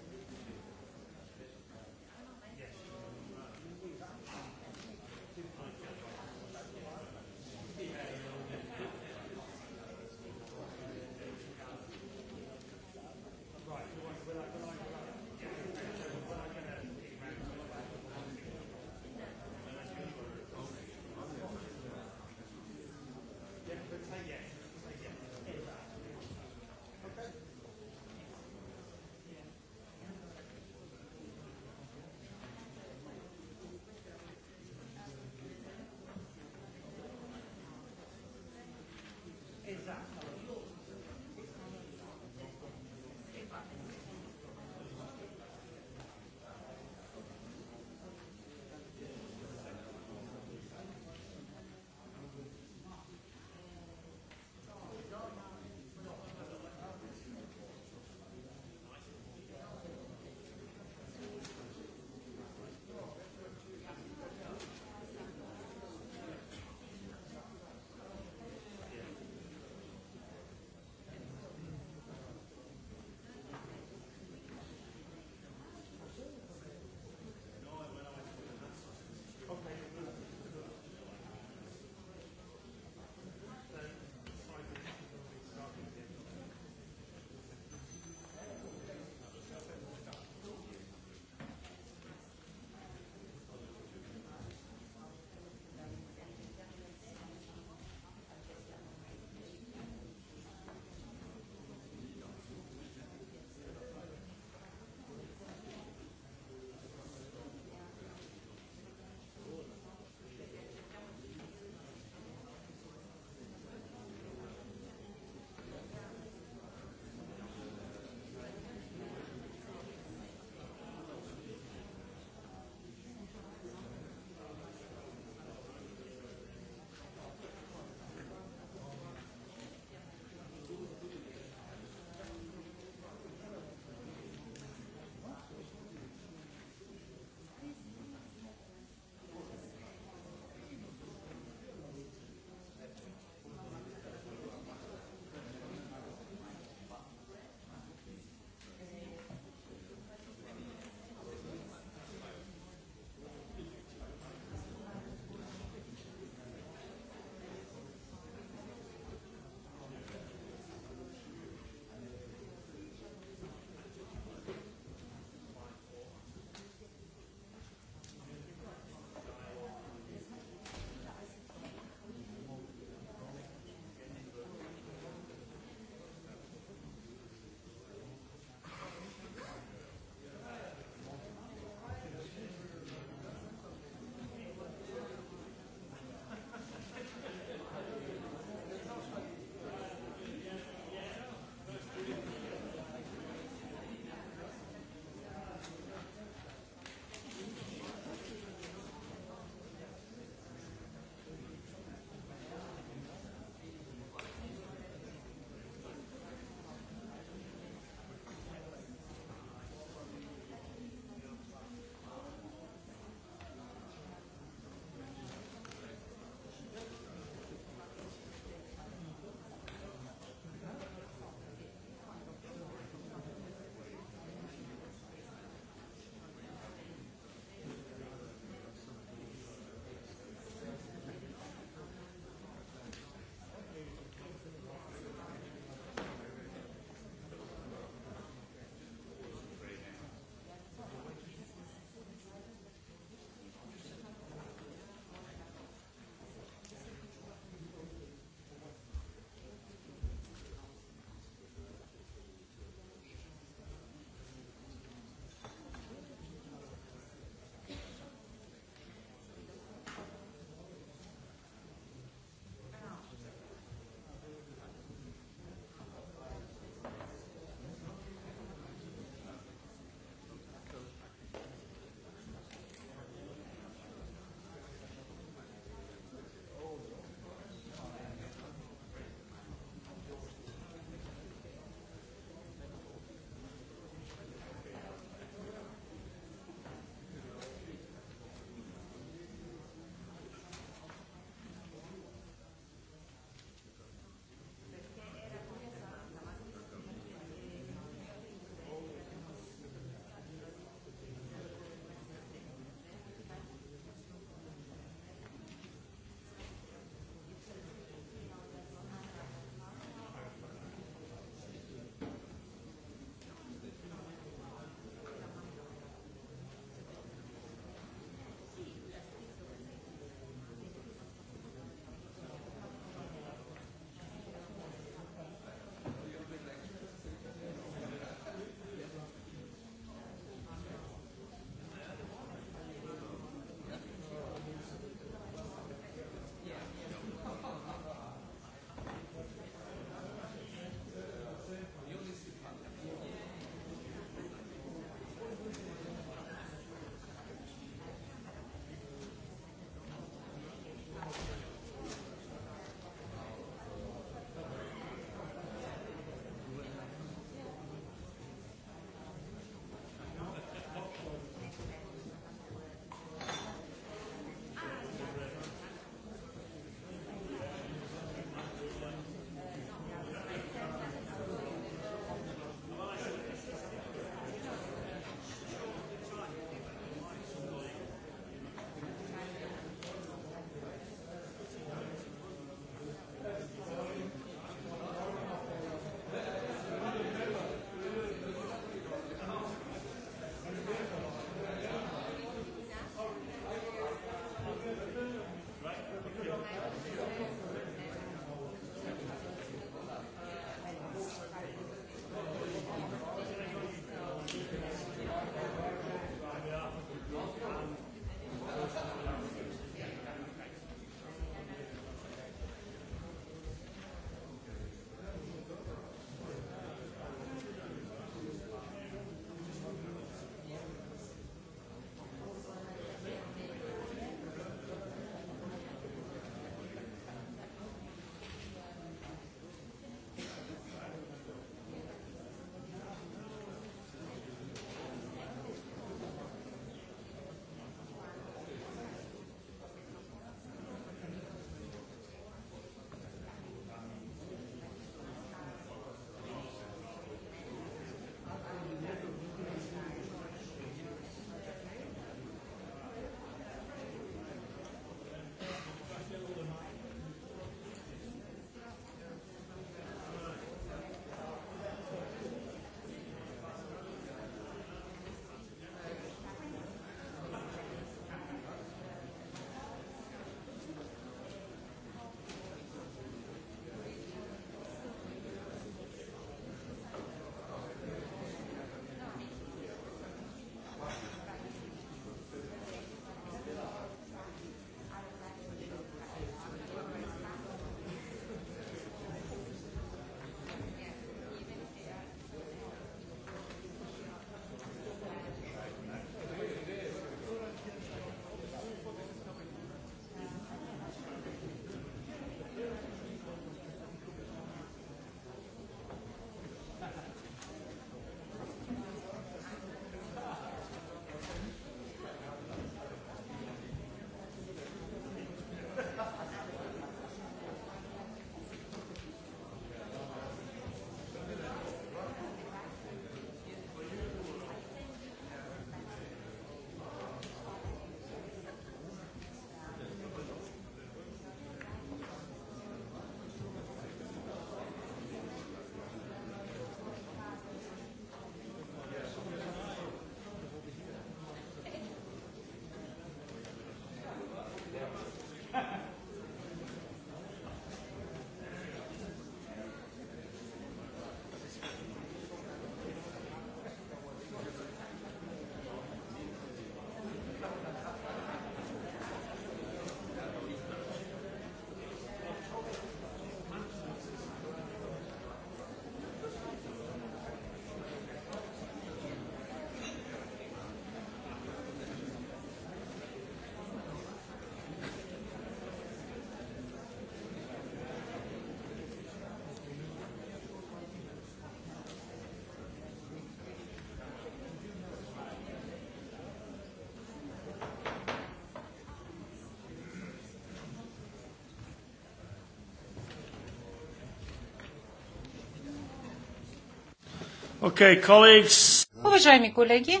Okay, colleagues. Уважаеми колеги,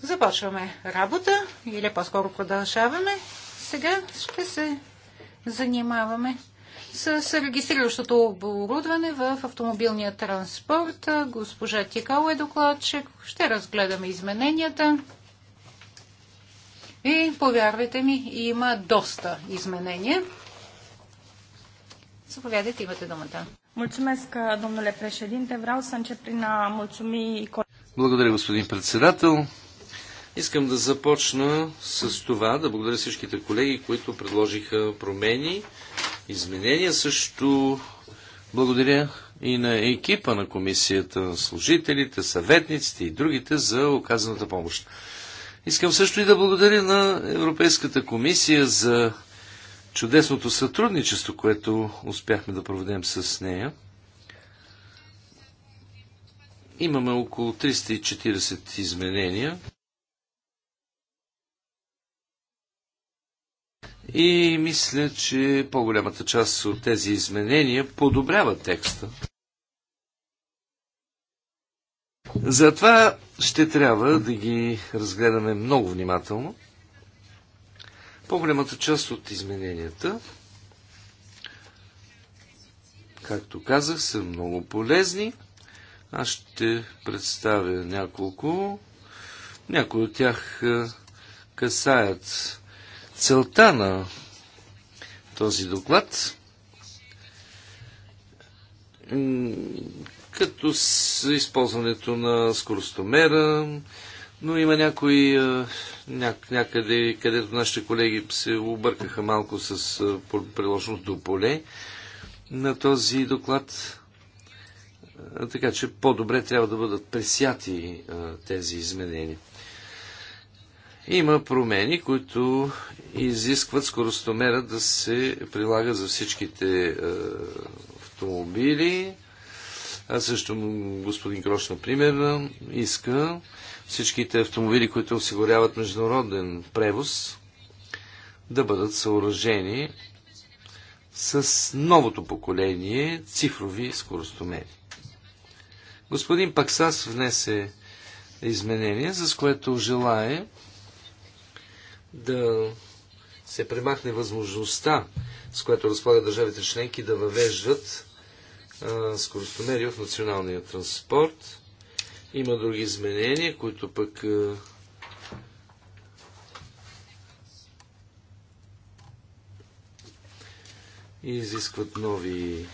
започваме работа или по-скоро продължаваме. Сега ще се занимаваме с регистриращото оборудване в автомобилния транспорт. Госпожа Тикал е докладчик. Ще разгледаме измененията. И повярвайте ми, има доста изменения. Заповядайте, имате думата. Mulțumesc, domnule președinte. Vreau să încep prin a mulțumi... Благодаря, господин председател. Искам да започна с това, да благодаря всичките колеги, които предложиха промени, изменения. Също благодаря и на екипа на комисията, служителите, съветниците и другите за оказаната помощ. Искам също и да благодаря на Европейската комисия за чудесното сътрудничество, което успяхме да проведем с нея. Имаме около 340 изменения. И мисля, че по-голямата част от тези изменения подобрява текста. Затова ще трябва да ги разгледаме много внимателно. По-голямата част от измененията, както казах, са много полезни. Аз ще представя няколко. Някои от тях е, касаят целта на този доклад, като с използването на скоростомера, но има някои ня, някъде, където нашите колеги се объркаха малко с приложното поле на този доклад. Така че по-добре трябва да бъдат пресяти тези изменения. Има промени, които изискват скоростомера да се прилага за всичките автомобили. А също господин Крош, например, иска всичките автомобили, които осигуряват международен превоз, да бъдат съоръжени с новото поколение цифрови скоростомери. Господин Паксас внесе изменение, с което желае да се премахне възможността, с която разполагат държавите членки да въвеждат а, скоростомери в националния транспорт. Има други изменения, които пък е, изискват нови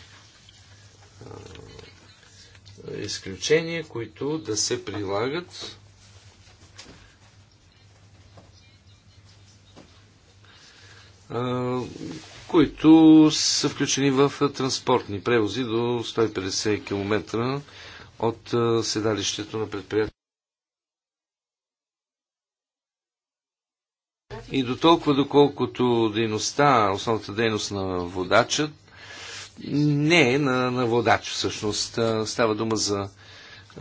а, е, изключения, които да се прилагат а, е, които са включени в транспортни превози до 150 км от е, седалището на предприятието. И до толкова, доколкото дейността, основната дейност на водача, не е на, на водач всъщност. Е, става дума за е,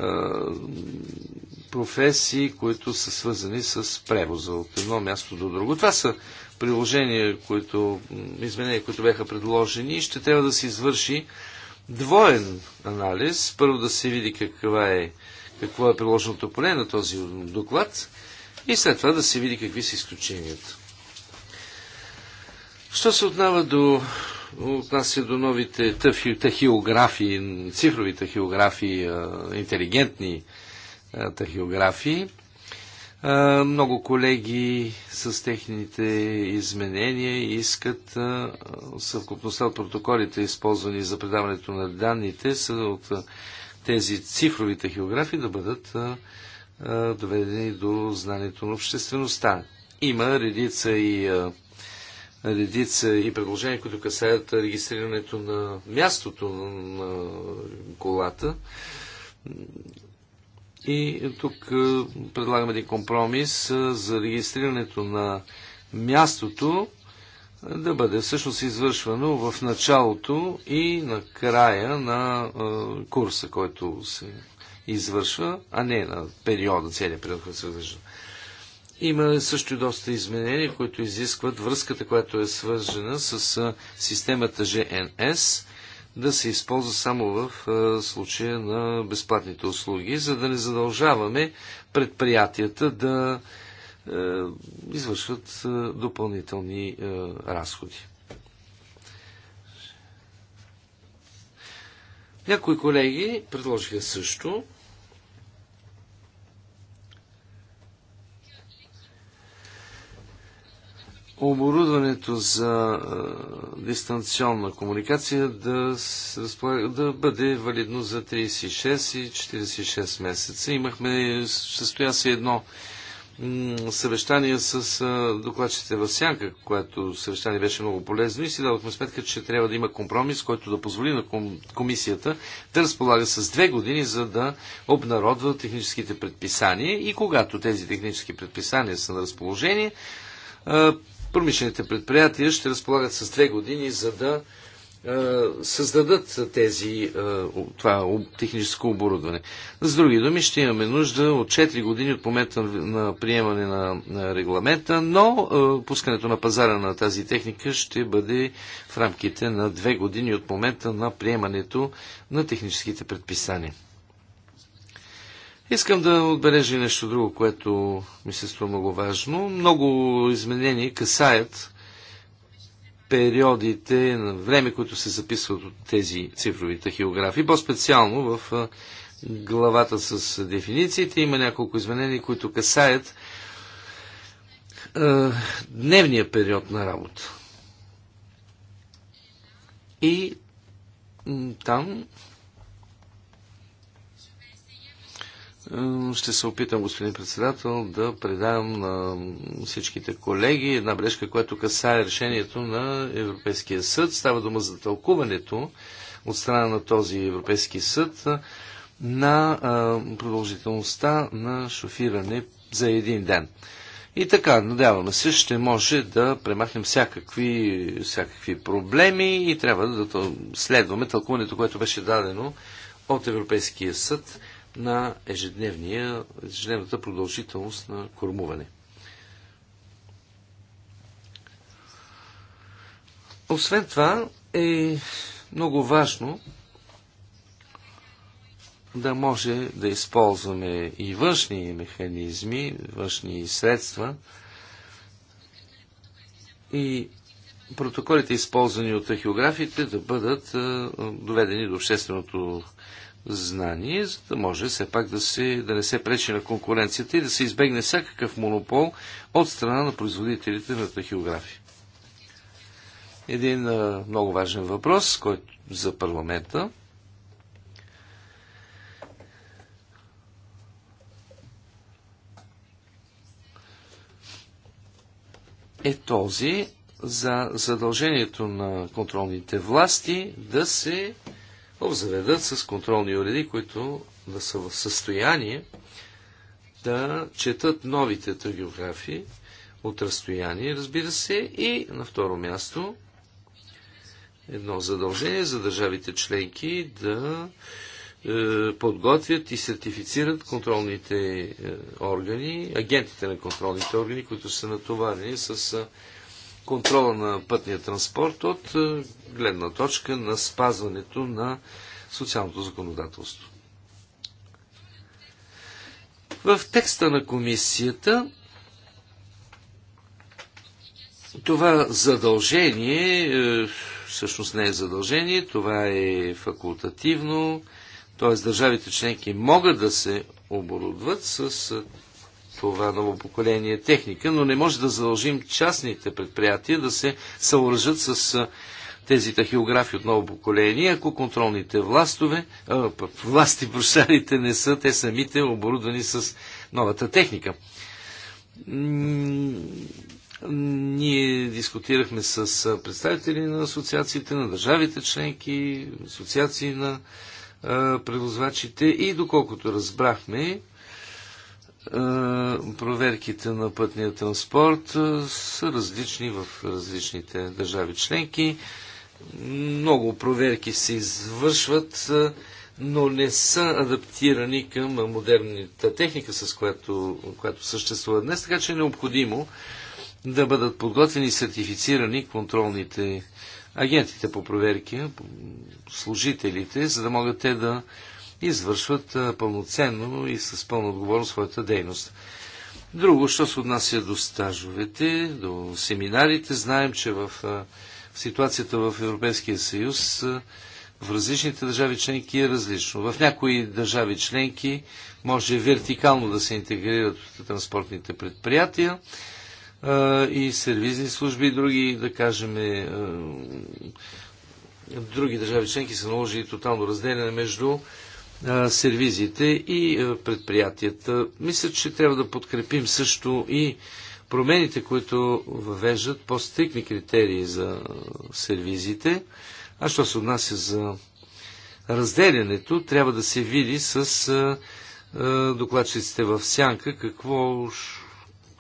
професии, които са свързани с превоза от едно място до друго. Това са приложения, които, изменения, които бяха предложени и ще трябва да се извърши двоен анализ. Първо да се види каква е, какво е приложеното поле на този доклад и след това да се види какви са изключенията. Що се отнава до отнася до новите тъфи, тахиографии, цифрови тахиографии, интелигентни тахиографии, много колеги с техните изменения искат съвкупността от протоколите, използвани за предаването на данните, са от тези цифрови тахиографи да бъдат доведени до знанието на обществеността. Има редица и редица и предложения, които касаят регистрирането на мястото на колата и тук е, предлагаме един компромис е, за регистрирането на мястото е, да бъде всъщност извършвано в началото и на края на курса, който се извършва, а не на периода, целият период, който се извършва. Има също и доста изменения, които изискват връзката, която е свържена с системата GNS да се използва само в случая на безплатните услуги, за да не задължаваме предприятията да извършват допълнителни разходи. Някои колеги предложиха също оборудването за дистанционна комуникация да, да бъде валидно за 36 и 46 месеца. Имахме, състоя се едно съвещание с докладчите в Сянка, което съвещание беше много полезно и си дадохме сметка, че трябва да има компромис, който да позволи на комисията да разполага с две години, за да обнародва техническите предписания и когато тези технически предписания са на разположение, промишлените предприятия ще разполагат с две години, за да е, създадат тези, е, това техническо оборудване. С други думи, ще имаме нужда от 4 години от момента на приемане на регламента, но е, пускането на пазара на тази техника ще бъде в рамките на 2 години от момента на приемането на техническите предписания. Искам да отбележа нещо друго, което ми се струва много важно. Много изменения касаят периодите на време, които се записват от тези цифрови тахиографи. По-специално в главата с дефинициите има няколко изменения, които касаят е, дневния период на работа. И там Ще се опитам, господин председател, да предам на всичките колеги една брешка, която касае решението на Европейския съд. Става дума за тълкуването от страна на този Европейски съд на продължителността на шофиране за един ден. И така, надяваме се, ще може да премахнем всякакви, всякакви проблеми и трябва да следваме тълкуването, което беше дадено от Европейския съд на ежедневния ежедневната продължителност на кормуване. Освен това е много важно да може да използваме и външни механизми, външни средства и протоколите, използвани от археографите, да бъдат доведени до общественото знание, за да може все пак да, се, да не се пречи на конкуренцията и да се избегне всякакъв монопол от страна на производителите на тахиографи. Един а, много важен въпрос който, за парламента. е този за задължението на контролните власти да се обзаведат с контролни уреди, които да са в състояние да четат новите тагиографии от разстояние, разбира се, и на второ място едно задължение за държавите членки да е, подготвят и сертифицират контролните е, органи, агентите на контролните органи, които са натоварени с е, контрола на пътния транспорт от е, гледна точка на спазването на социалното законодателство. В текста на комисията това задължение е, всъщност не е задължение, това е факултативно, т.е. държавите членки могат да се оборудват с е, това ново поколение техника, но не може да задължим частните предприятия да се съоръжат с тези тахиографи от ново поколение, ако контролните властове, а, власти, прощарите не са те самите оборудвани с новата техника. Ние дискутирахме с представители на асоциациите, на държавите членки, асоциации на превозвачите и доколкото разбрахме, е, проверките на пътния транспорт е, са различни в различните държави членки. Много проверки се извършват, е, но не са адаптирани към модерната техника, с която, която съществува днес, така че е необходимо да бъдат подготвени и сертифицирани контролните агентите по проверки, служителите, за да могат те да извършват пълноценно и с пълна отговорност своята дейност. Друго, що се отнася до стажовете, до семинарите, знаем, че в, ситуацията в Европейския съюз в различните държави членки е различно. В някои държави членки може вертикално да се интегрират транспортните предприятия и сервизни служби, други, да кажем, други държави членки са наложи тотално разделяне между сервизите и предприятията. Мисля, че трябва да подкрепим също и промените, които въвеждат по-стрикни критерии за сервизите. А що се отнася за разделянето, трябва да се види с докладчиците в сянка какво,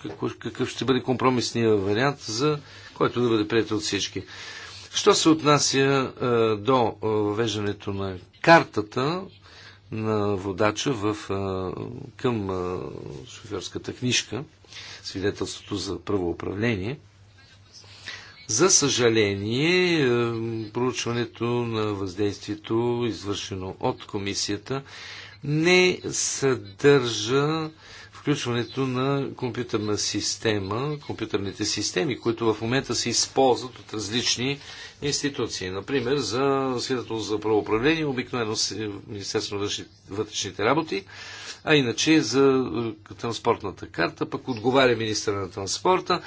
какво, какъв ще бъде компромисния вариант, за който да бъде прият от всички. Що се отнася до въвеждането на картата, на водача в, към шофьорската книжка, свидетелството за правоуправление. За съжаление, е, проучването на въздействието, извършено от комисията, не съдържа включването на компютърна система, компютърните системи, които в момента се използват от различни институции. Например, за Светото за правоуправление, обикновено Министерство на вътрешните работи, а иначе за е, транспортната карта, пък отговаря министър на транспорта.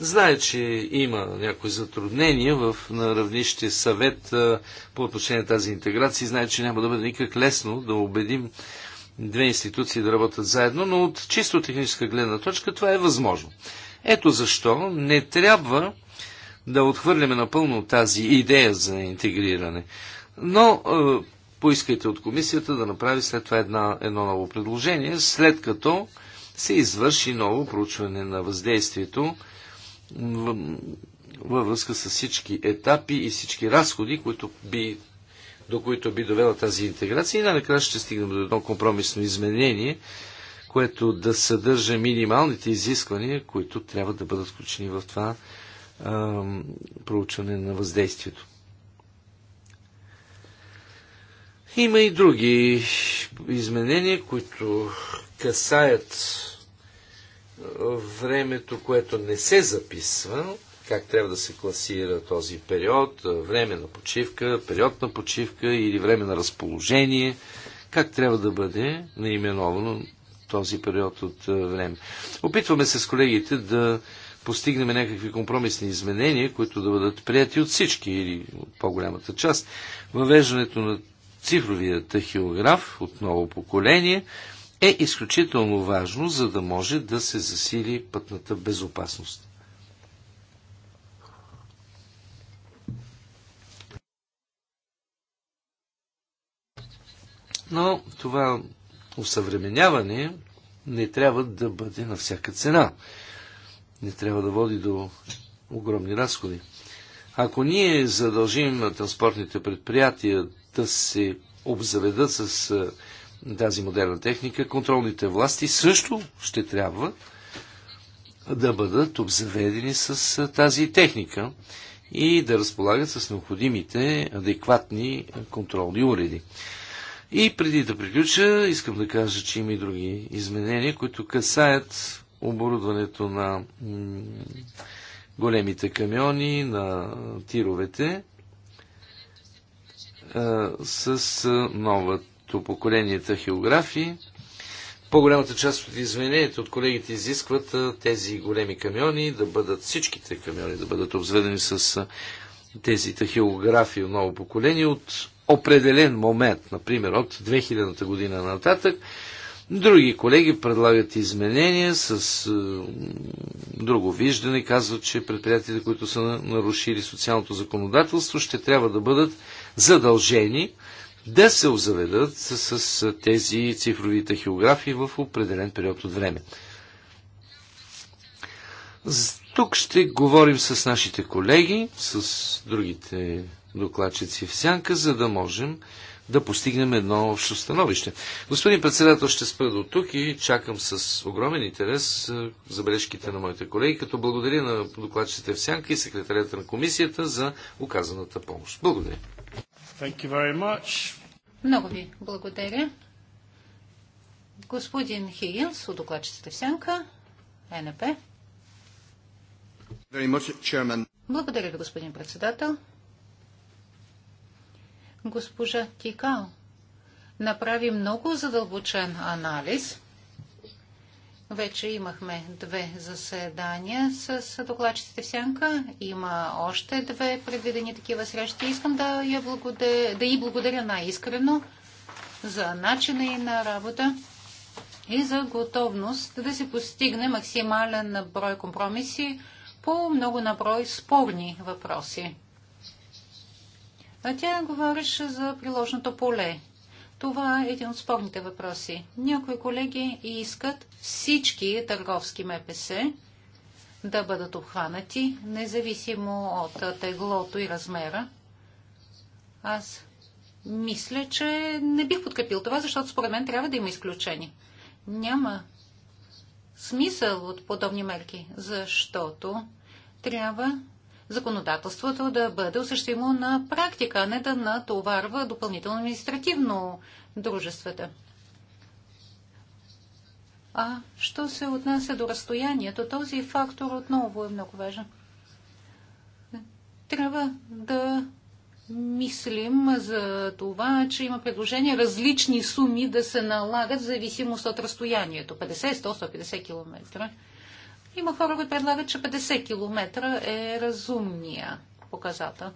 Знае, че има някои затруднения в, на равнище съвет е, по отношение на тази интеграция. Знае, че няма да бъде никак лесно да убедим две институции да работят заедно, но от чисто техническа гледна точка това е възможно. Ето защо не трябва да отхвърляме напълно тази идея за интегриране. Но е, поискайте от комисията да направи след това една, едно ново предложение, след като се извърши ново проучване на въздействието във връзка с всички етапи и всички разходи, които би до които би довела тази интеграция и накрая ще стигнем до едно компромисно изменение, което да съдържа минималните изисквания, които трябва да бъдат включени в това а, проучване на въздействието. Има и други изменения, които касаят времето, което не се записва, как трябва да се класира този период, време на почивка, период на почивка или време на разположение, как трябва да бъде наименовано този период от време. Опитваме се с колегите да постигнем някакви компромисни изменения, които да бъдат прияти от всички или от по-голямата част. Въвеждането на цифровия тахиограф от ново поколение е изключително важно, за да може да се засили пътната безопасност. Но това усъвременяване не трябва да бъде на всяка цена. Не трябва да води до огромни разходи. Ако ние задължим транспортните предприятия да се обзаведат с тази модерна техника, контролните власти също ще трябва да бъдат обзаведени с тази техника и да разполагат с необходимите адекватни контролни уреди. И преди да приключа, искам да кажа, че има и други изменения, които касаят оборудването на големите камиони, на тировете с новото поколение тахиографии. По-голямата част от измененията от колегите изискват тези големи камиони да бъдат, всичките камиони да бъдат обзведени с тези тахиографии от ново поколение от определен момент, например от 2000-та година нататък. Други колеги предлагат изменения с е, друго виждане, казват, че предприятията, които са нарушили социалното законодателство, ще трябва да бъдат задължени да се озаведат с, с тези цифрови тахиографии в определен период от време. Тук ще говорим с нашите колеги, с другите докладчици в сянка, за да можем да постигнем едно общо становище. Господин председател, ще спра до тук и чакам с огромен интерес е, забележките на моите колеги, като благодаря на докладчите в сянка и секретарията на комисията за оказаната помощ. Благодаря. Thank you very much. Много ви благодаря. Господин Хигинс от докладчиците в сянка, е НП. Much, благодаря ви, господин председател. Госпожа Тикал направи много задълбочен анализ. Вече имахме две заседания с докладчиците в Сянка. Има още две предвидени такива срещи. Искам да, я благодаря, да и благодаря най-искрено за начина и на работа и за готовност да се постигне максимален брой компромиси по много наброй спорни въпроси. А тя говореше за приложното поле. Това е един от спорните въпроси. Някои колеги искат всички търговски МПС да бъдат обхванати, независимо от теглото и размера. Аз мисля, че не бих подкрепил това, защото според мен трябва да има изключение. Няма смисъл от подобни мерки, защото трябва законодателството да бъде осъществимо на практика, а не да натоварва допълнително административно дружествата. А що се отнася до разстоянието, този фактор отново е много важен. Трябва да мислим за това, че има предложения различни суми да се налагат в зависимост от разстоянието. 50, 100, 150 км. Има хора, които предлагат, че 50 км е разумния показател.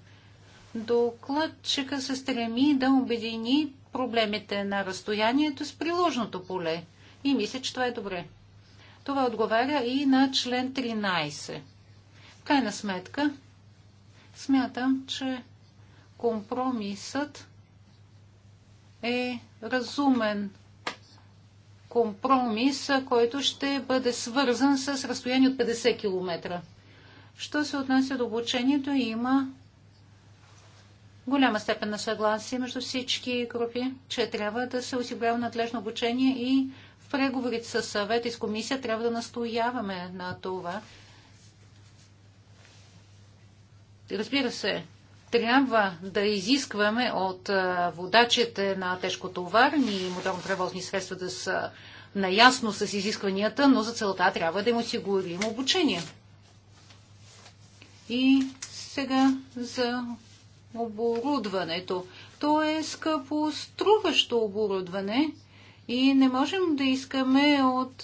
Докладчика се стреми да обедини проблемите на разстоянието с приложното поле. И мисля, че това е добре. Това отговаря и на член 13. В крайна сметка, смятам, че компромисът е разумен компромис, който ще бъде свързан с разстояние от 50 км. Що се отнася до обучението, има голяма степен на съгласие между всички групи, че трябва да се осигурява надлежно обучение и в преговорите с съвет и с комисия трябва да настояваме на това. Разбира се, трябва да изискваме от водачите на тежкотоварни и моторно превозни средства да са наясно с изискванията, но за целта трябва да им осигурим обучение. И сега за оборудването. То е скъпо струващо оборудване и не можем да искаме от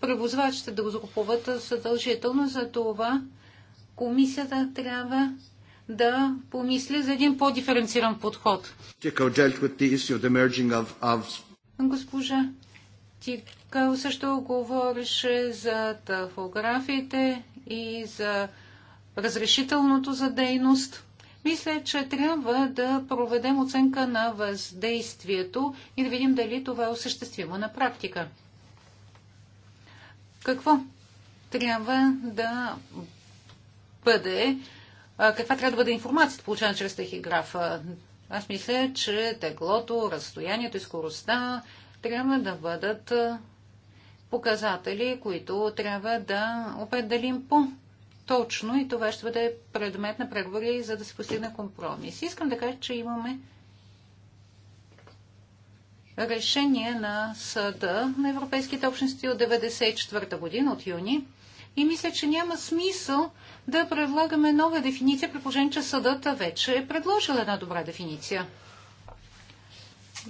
превозвачите да го закупуват задължително. За това комисията трябва да помисли за един по-диференциран подход. Госпожа Тикал също говореше за тафографите и за разрешителното за дейност. Мисля, че трябва да проведем оценка на въздействието и да видим дали това е осъществимо на практика. Какво трябва да бъде каква трябва да бъде информацията, получена чрез тахиграфа. Аз мисля, че теглото, разстоянието и скоростта трябва да бъдат показатели, които трябва да определим по точно и това ще бъде предмет на преговори, за да се постигне компромис. Искам да кажа, че имаме решение на Съда на Европейските общности от 1994 година, от юни, и мисля, че няма смисъл да предлагаме нова дефиниция, при положение, че съдът вече е предложил една добра дефиниция.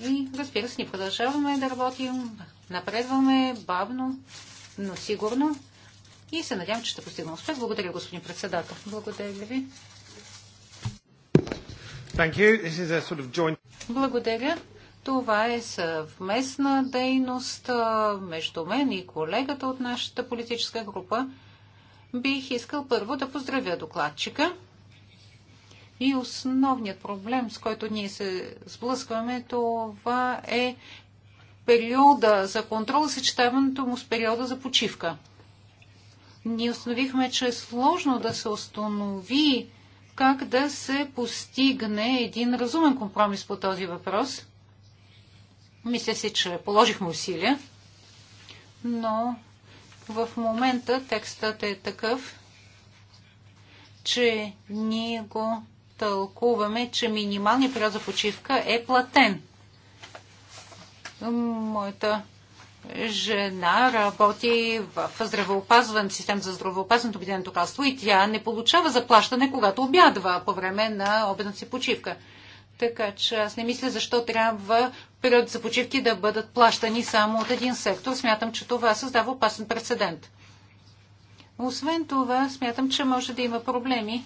И разбира се, ни продължаваме да работим, напредваме бавно, но сигурно. И се надявам, че ще постигнем успех. Благодаря, господин председател. Благодаря ви. Благодаря. Това е съвместна дейност между мен и колегата от нашата политическа група. Бих искал първо да поздравя докладчика. И основният проблем, с който ние се сблъскваме, това е периода за контрол, съчетаването му с периода за почивка. Ние установихме, че е сложно да се установи как да се постигне един разумен компромис по този въпрос – мисля си, че положихме усилия, но в момента текстът е такъв, че ние го тълкуваме, че минималният период за почивка е платен. Моята жена работи в здравеопазване, систем за здравеопазването Обединеното кралство и тя не получава заплащане, когато обядва по време на обедната си почивка. Така че аз не мисля защо трябва период за почивки да бъдат плащани само от един сектор. Смятам, че това създава опасен прецедент. Освен това, смятам, че може да има проблеми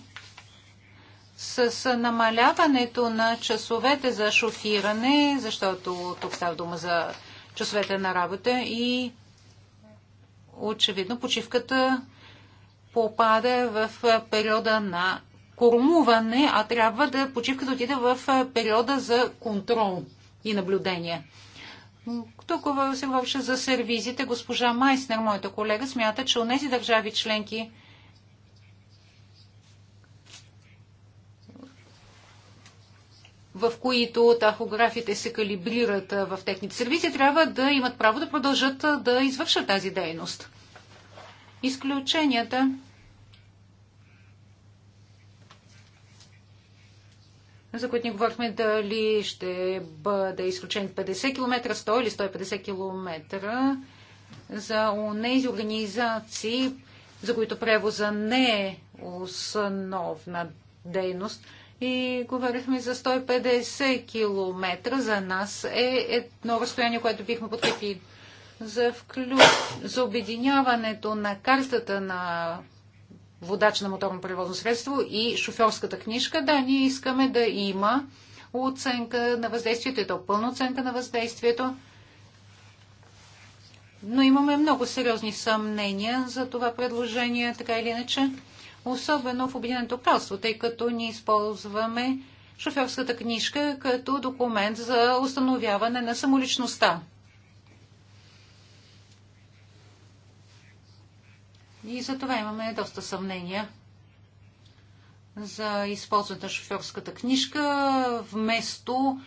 с намаляването на часовете за шофиране, защото тук става дума за часовете на работа и очевидно почивката попада в периода на кормуване, а трябва да почивката отиде в периода за контрол и наблюдение. Тук се говореше за сервизите. Госпожа Майснер, моята колега, смята, че от тези държави членки, в които тахографите се калибрират в техните сервизи, трябва да имат право да продължат да извършат тази дейност. Изключенията за които ни говорихме, дали ще бъде изключен 50 км, 100 или 150 км за тези организации, за които превоза не е основна дейност. И говорихме за 150 км. За нас е едно разстояние, което бихме подкрепили за, вклю... за обединяването на картата на водач на моторно превозно средство и шофьорската книжка. Да, ние искаме да има оценка на въздействието и е то пълна оценка на въздействието. Но имаме много сериозни съмнения за това предложение, така или иначе, особено в Обединеното кралство, тъй като ние използваме шофьорската книжка като документ за установяване на самоличността. И за това имаме доста съмнения за използването на шофьорската книжка вместо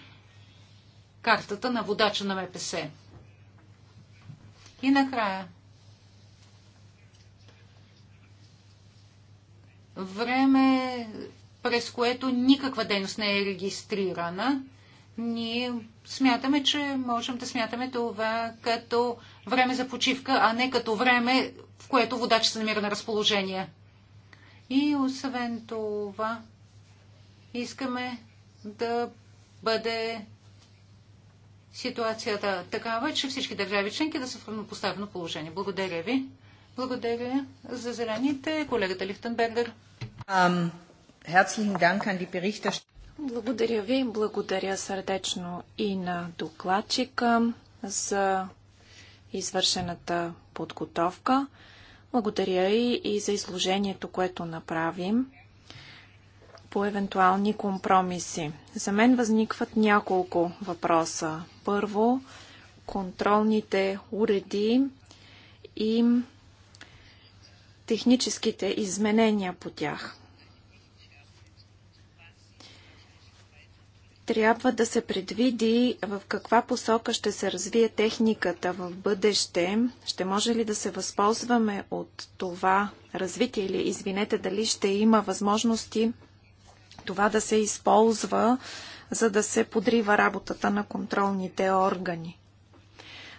картата на водача на МПС. И накрая. Време, през което никаква дейност не е регистрирана, ние смятаме, че можем да смятаме това като време за почивка, а не като време в което водач се намира на разположение. И освен това, искаме да бъде ситуацията такава, че всички държави членки да са в равнопоставено положение. Благодаря ви. Благодаря за зелените. Колегата Лихтенбергер. Благодаря ви. Благодаря сърдечно и на докладчика за извършената подготовка. Благодаря и, и за изложението, което направим по евентуални компромиси. За мен възникват няколко въпроса. Първо, контролните уреди и техническите изменения по тях. трябва да се предвиди в каква посока ще се развие техниката в бъдеще. Ще може ли да се възползваме от това развитие или, извинете, дали ще има възможности това да се използва, за да се подрива работата на контролните органи.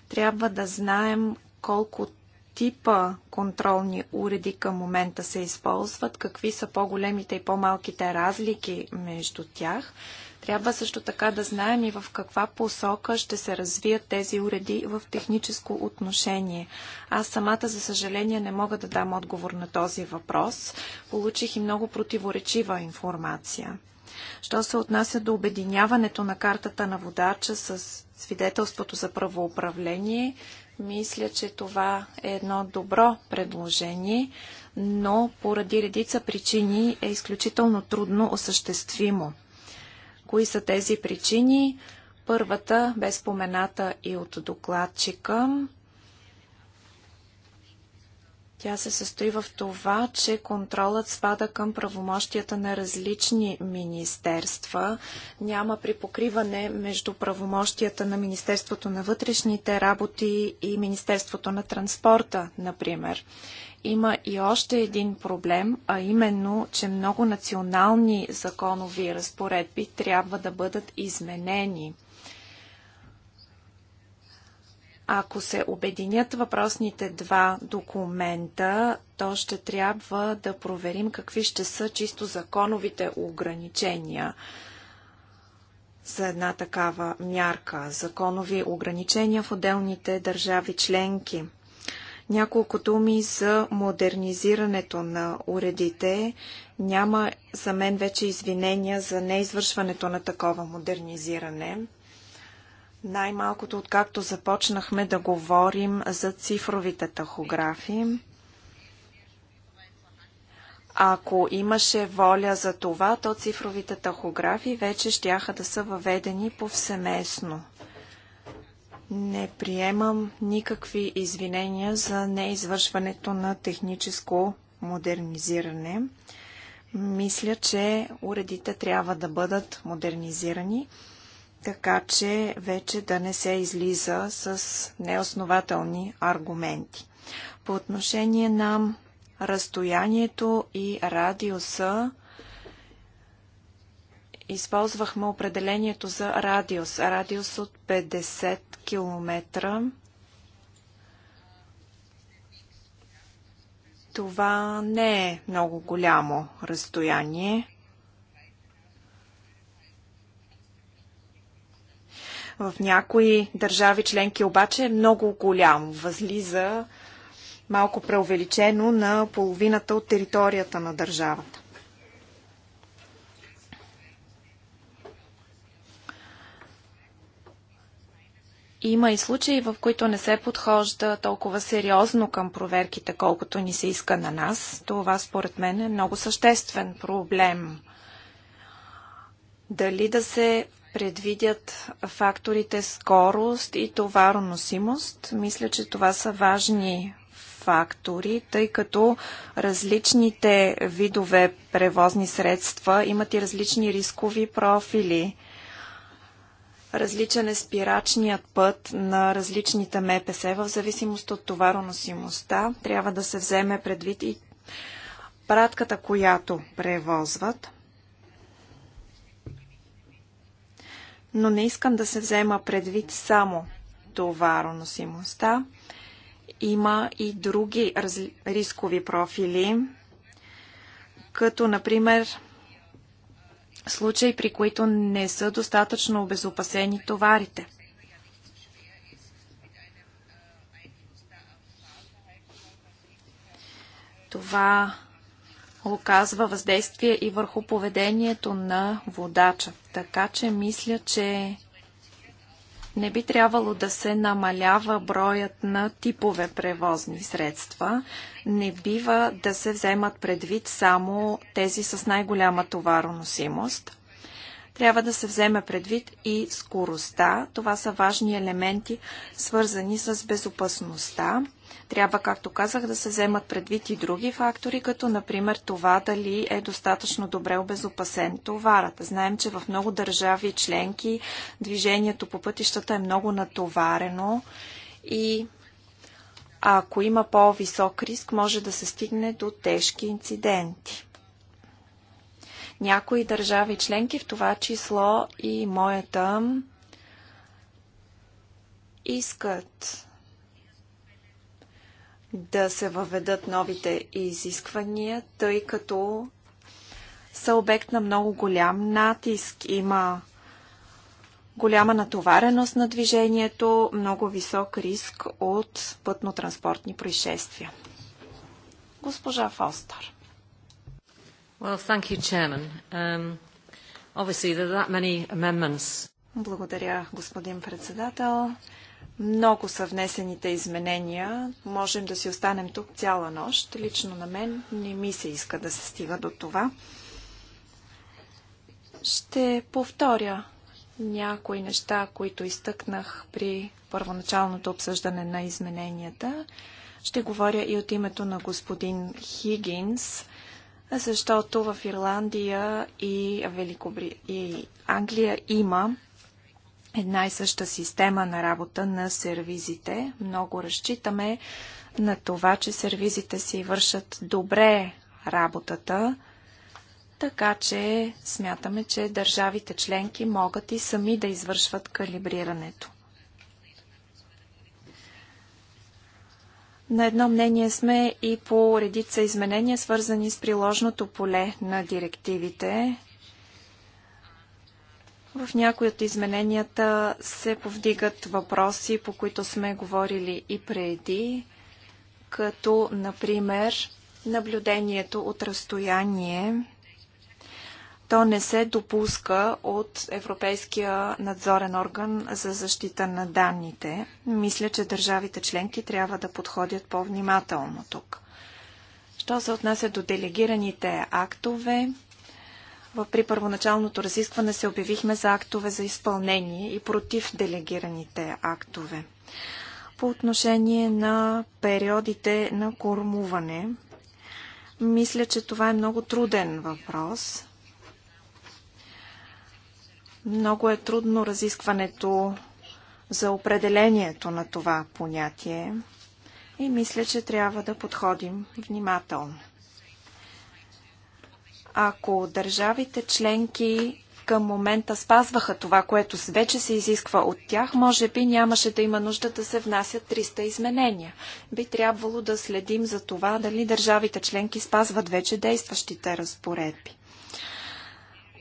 Трябва да знаем колко типа контролни уреди към момента се използват, какви са по-големите и по-малките разлики между тях – трябва също така да знаем и в каква посока ще се развият тези уреди в техническо отношение. Аз самата, за съжаление, не мога да дам отговор на този въпрос. Получих и много противоречива информация. Що се отнася до обединяването на картата на водача с свидетелството за правоуправление, мисля, че това е едно добро предложение, но поради редица причини е изключително трудно осъществимо. Кои са тези причини? Първата бе спомената и от докладчика. Тя се състои в това, че контролът спада към правомощията на различни министерства. Няма припокриване между правомощията на Министерството на вътрешните работи и Министерството на транспорта, например. Има и още един проблем, а именно, че много национални законови разпоредби трябва да бъдат изменени. Ако се обединят въпросните два документа, то ще трябва да проверим какви ще са чисто законовите ограничения за една такава мярка, законови ограничения в отделните държави членки. Няколко думи за модернизирането на уредите. Няма за мен вече извинения за неизвършването на такова модернизиране. Най-малкото, откакто започнахме да говорим за цифровите тахографи, ако имаше воля за това, то цифровите тахографи вече щяха да са въведени повсеместно. Не приемам никакви извинения за неизвършването на техническо модернизиране. Мисля, че уредите трябва да бъдат модернизирани, така че вече да не се излиза с неоснователни аргументи. По отношение на разстоянието и радиуса, използвахме определението за радиус. Радиус от 50 км. Това не е много голямо разстояние. В някои държави членки обаче е много голямо. Възлиза малко преувеличено на половината от територията на държавата. Има и случаи, в които не се подхожда толкова сериозно към проверките, колкото ни се иска на нас. Това според мен е много съществен проблем. Дали да се предвидят факторите скорост и товароносимост. Мисля, че това са важни фактори, тъй като различните видове превозни средства имат и различни рискови профили – Различен е спирачният път на различните МПС в зависимост от товароносимостта. Трябва да се вземе предвид и пратката, която превозват. Но не искам да се взема предвид само товароносимостта. Има и други рискови профили, като например случаи, при които не са достатъчно обезопасени товарите. Това оказва въздействие и върху поведението на водача. Така че мисля, че не би трябвало да се намалява броят на типове превозни средства. Не бива да се вземат предвид само тези с най-голяма товароносимост. Трябва да се вземе предвид и скоростта. Това са важни елементи, свързани с безопасността трябва, както казах, да се вземат предвид и други фактори, като например това дали е достатъчно добре обезопасен товарът. Знаем, че в много държави и членки движението по пътищата е много натоварено и ако има по-висок риск, може да се стигне до тежки инциденти. Някои държави членки, в това число и моята, искат да се въведат новите изисквания, тъй като са обект на много голям натиск. Има голяма натовареност на движението, много висок риск от пътно-транспортни происшествия. Госпожа Фостър. Well, thank you, Chairman. Um, obviously, there are that many amendments. Благодаря, господин председател. Много са внесените изменения. Можем да си останем тук цяла нощ. Лично на мен не ми се иска да се стига до това. Ще повторя някои неща, които изтъкнах при първоначалното обсъждане на измененията. Ще говоря и от името на господин Хигинс, защото в Ирландия и, Великобри... и Англия има една и съща система на работа на сервизите. Много разчитаме на това, че сервизите си вършат добре работата, така че смятаме, че държавите членки могат и сами да извършват калибрирането. На едно мнение сме и по редица изменения, свързани с приложното поле на директивите. В някои от измененията се повдигат въпроси, по които сме говорили и преди, като, например, наблюдението от разстояние. То не се допуска от Европейския надзорен орган за защита на данните. Мисля, че държавите членки трябва да подходят по-внимателно тук. Що се отнася до делегираните актове, при първоначалното разискване се обявихме за актове за изпълнение и против делегираните актове. По отношение на периодите на кормуване, мисля, че това е много труден въпрос. Много е трудно разискването за определението на това понятие и мисля, че трябва да подходим внимателно. Ако държавите членки към момента спазваха това, което вече се изисква от тях, може би нямаше да има нужда да се внасят 300 изменения. Би трябвало да следим за това дали държавите членки спазват вече действащите разпоредби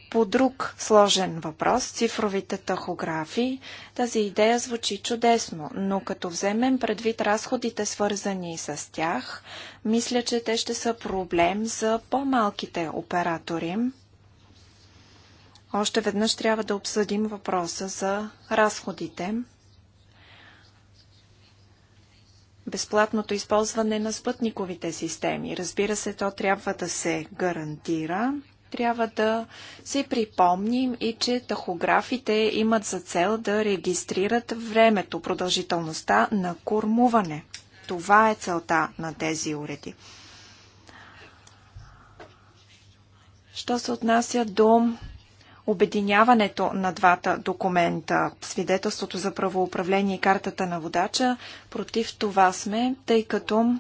по друг сложен въпрос, цифровите тахографи, тази идея звучи чудесно, но като вземем предвид разходите свързани с тях, мисля, че те ще са проблем за по-малките оператори. Още веднъж трябва да обсъдим въпроса за разходите. Безплатното използване на спътниковите системи. Разбира се, то трябва да се гарантира трябва да си припомним и че тахографите имат за цел да регистрират времето, продължителността на кормуване. Това е целта на тези уреди. Що се отнася до обединяването на двата документа, свидетелството за правоуправление и картата на водача, против това сме, тъй като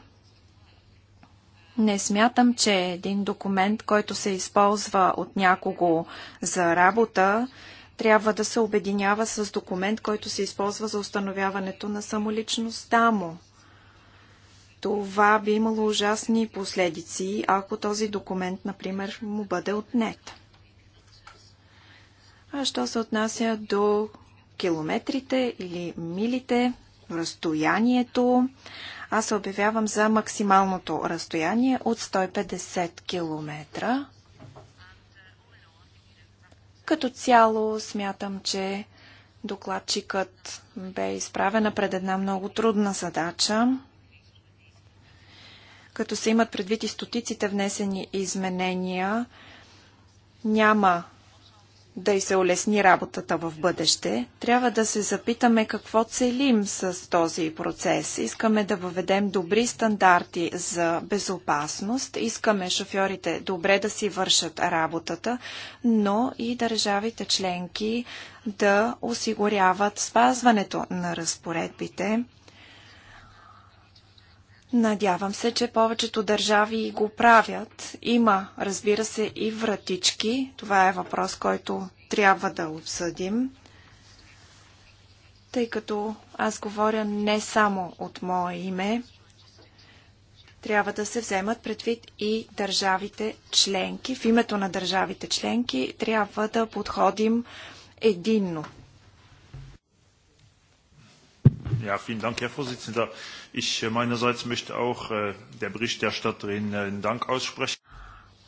не смятам, че един документ, който се използва от някого за работа, трябва да се обединява с документ, който се използва за установяването на самоличността му. Това би имало ужасни последици, ако този документ, например, му бъде отнет. А що се отнася до километрите или милите, разстоянието, аз се обявявам за максималното разстояние от 150 км. Като цяло смятам, че докладчикът бе изправена пред една много трудна задача като се имат предвид и стотиците внесени изменения, няма да й се улесни работата в бъдеще, трябва да се запитаме какво целим с този процес. Искаме да въведем добри стандарти за безопасност, искаме шофьорите добре да си вършат работата, но и държавите членки да осигуряват спазването на разпоредбите Надявам се, че повечето държави го правят. Има, разбира се, и вратички. Това е въпрос, който трябва да обсъдим, тъй като аз говоря не само от мое име. Трябва да се вземат предвид и държавите членки. В името на държавите членки трябва да подходим единно Ja, vielen Dank, Herr Vorsitzender. Ich äh, meinerseits möchte auch äh, der Berichterstatterin einen äh, Dank aussprechen.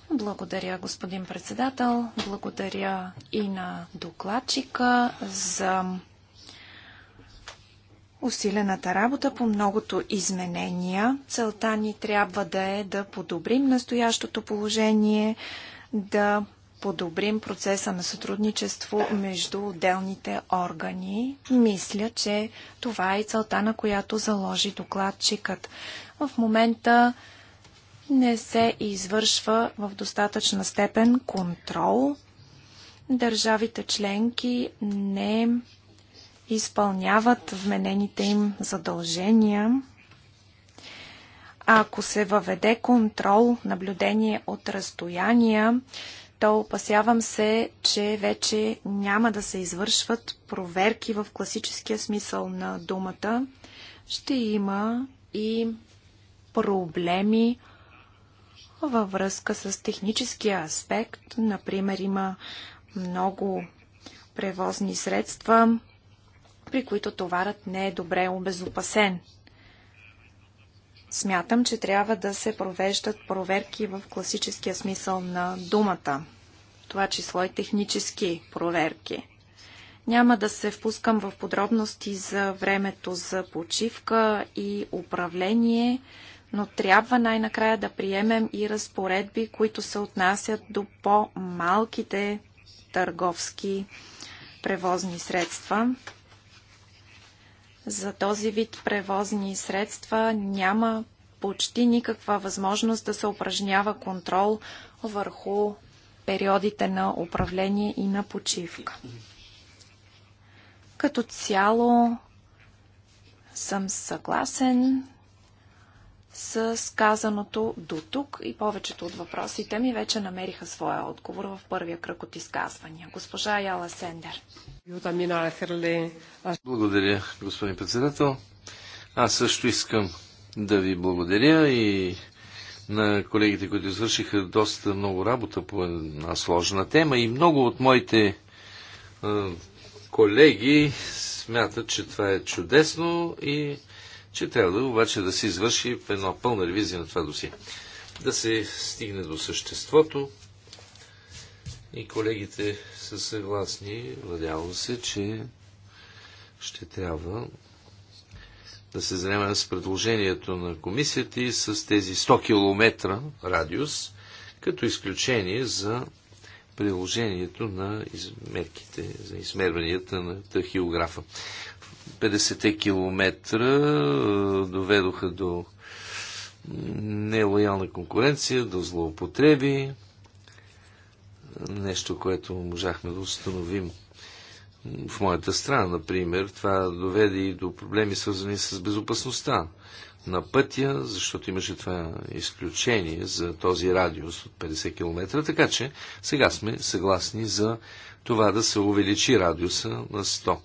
Благодаря, господин председател. Благодаря и на докладчика за усилената работа по многото изменения. Целта ни трябва да е да подобрим настоящото положение, да подобрим процеса на сътрудничество между отделните органи. Мисля, че това е и целта, на която заложи докладчикът. В момента не се извършва в достатъчна степен контрол. Държавите членки не изпълняват вменените им задължения. ако се въведе контрол, наблюдение от разстояния, то опасявам се, че вече няма да се извършват проверки в класическия смисъл на думата. Ще има и проблеми във връзка с техническия аспект. Например, има много превозни средства, при които товарът не е добре обезопасен. Смятам, че трябва да се провеждат проверки в класическия смисъл на думата. Това число и технически проверки. Няма да се впускам в подробности за времето за почивка и управление, но трябва най-накрая да приемем и разпоредби, които се отнасят до по-малките търговски превозни средства. За този вид превозни средства няма почти никаква възможност да се упражнява контрол върху периодите на управление и на почивка. Като цяло съм съгласен с казаното до тук и повечето от въпросите ми вече намериха своя отговор в първия кръг от изказвания. Госпожа Яла Сендер. Благодаря, господин председател. Аз също искам да ви благодаря и на колегите, които извършиха доста много работа по една сложна тема и много от моите колеги смятат, че това е чудесно и че трябва да, обаче да се извърши в една пълна ревизия на това досие. Да се стигне до съществото и колегите са съгласни, надявам се, че ще трябва да се занимаваме с предложението на комисията и с тези 100 км радиус, като изключение за приложението на измерките, за измерванията на тахиографа. 50-те километра доведоха до нелоялна конкуренция, до злоупотреби. Нещо, което можахме да установим в моята страна, например. Това доведе и до проблеми, свързани с безопасността на пътя, защото имаше това изключение за този радиус от 50 км. Така че сега сме съгласни за това да се увеличи радиуса на 100.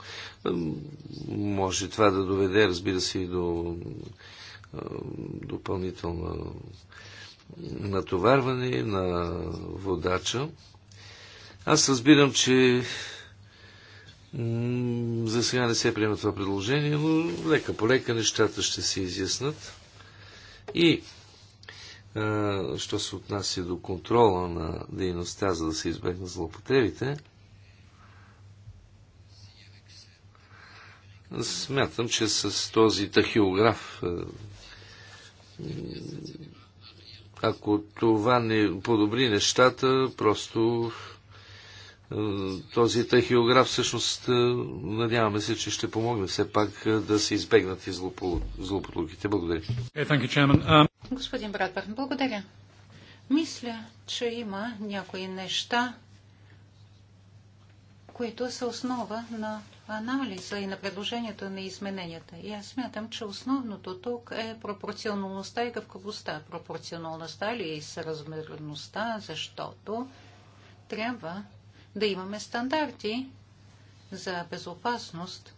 Може това да доведе, разбира се, и до допълнително натоварване на водача. Аз разбирам, че за сега не се приема това предложение, но лека по лека нещата ще се изяснат. И що се отнася до контрола на дейността, за да се избегнат злопотребите, Смятам, че с този тахиограф, е, ако това не подобри нещата, просто е, този тахиограф всъщност е, надяваме се, че ще помогне все пак да се избегнат и злополуките. Благодаря. Um, Господин Братбърн, благодаря. Мисля, че има някои неща, които са основа на анализа и на предложението на измененията. И аз смятам, че основното тук е пропорционалността и гъвкавостта. Пропорционалността или е и съразмерността, защото трябва да имаме стандарти за безопасност,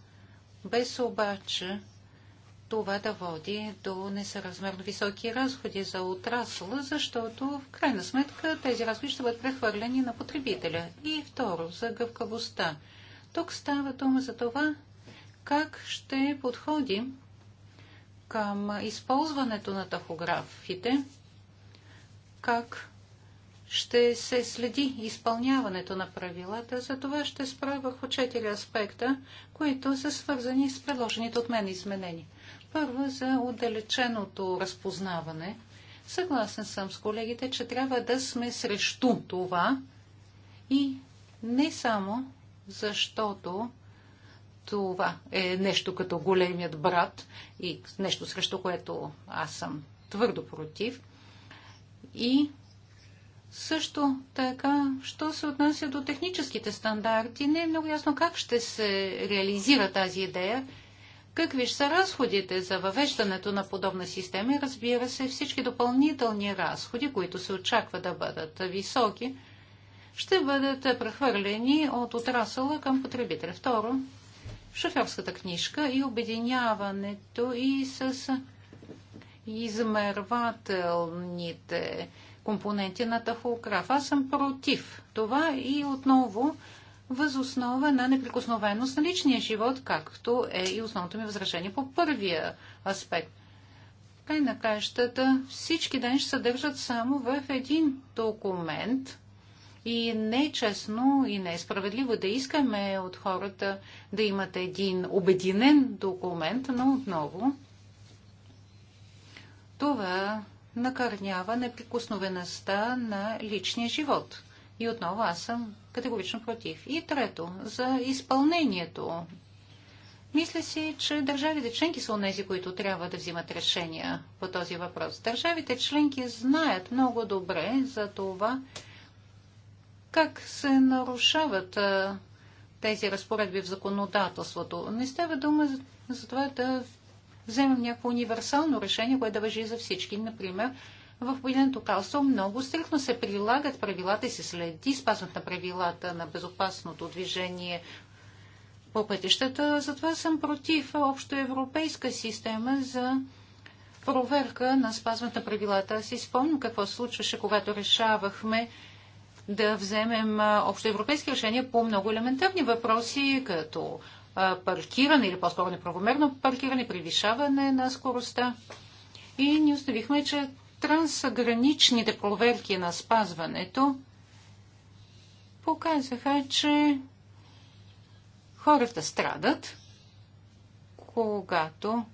без обаче това да води до несъразмерно високи разходи за отрасъла, защото в крайна сметка тези разходи ще бъдат прехвърлени на потребителя. И второ, за гъвкавостта. Тук става дума за това, как ще подходим към използването на тахографите, как ще се следи изпълняването на правилата. За това ще спра върху четири аспекта, които са свързани с предложените от мен изменения. Първо за отдалеченото разпознаване. Съгласен съм с колегите, че трябва да сме срещу това и не само защото това е нещо като големият брат и нещо срещу което аз съм твърдо против. И също така, що се отнася до техническите стандарти, не е много ясно как ще се реализира тази идея, какви ще са разходите за въвеждането на подобна система и разбира се всички допълнителни разходи, които се очаква да бъдат високи, ще бъдат прехвърлени от отрасъла към потребителя. Второ, шофьорската книжка и обединяването и с измервателните компоненти на тахограф. Аз съм против това и отново възоснова на неприкосновеност на личния живот, както е и основното ми възражение по първия аспект. Край на краищата всички данни ще съдържат само в един документ, и не е честно и не е справедливо да искаме от хората да имат един обединен документ, но отново това накърнява неприкосновеността на личния живот. И отново аз съм категорично против. И трето, за изпълнението. Мисля си, че държавите членки са онези, които трябва да взимат решения по този въпрос. Държавите членки знаят много добре за това, как се нарушават тези разпоредби в законодателството. Не става дума за, за това да вземем някакво универсално решение, което да въжи за всички. Например, в Обединеното кралство много стрихно се прилагат правилата и се следи спазват на правилата на безопасното движение по пътищата. Затова съм против общоевропейска система за проверка на спазването на правилата. Аз си спомням какво случваше, когато решавахме да вземем общоевропейски решения по много елементарни въпроси, като паркиране или по-скоро неправомерно паркиране, превишаване на скоростта. И ни установихме, че трансграничните проверки на спазването показаха, че хората страдат, когато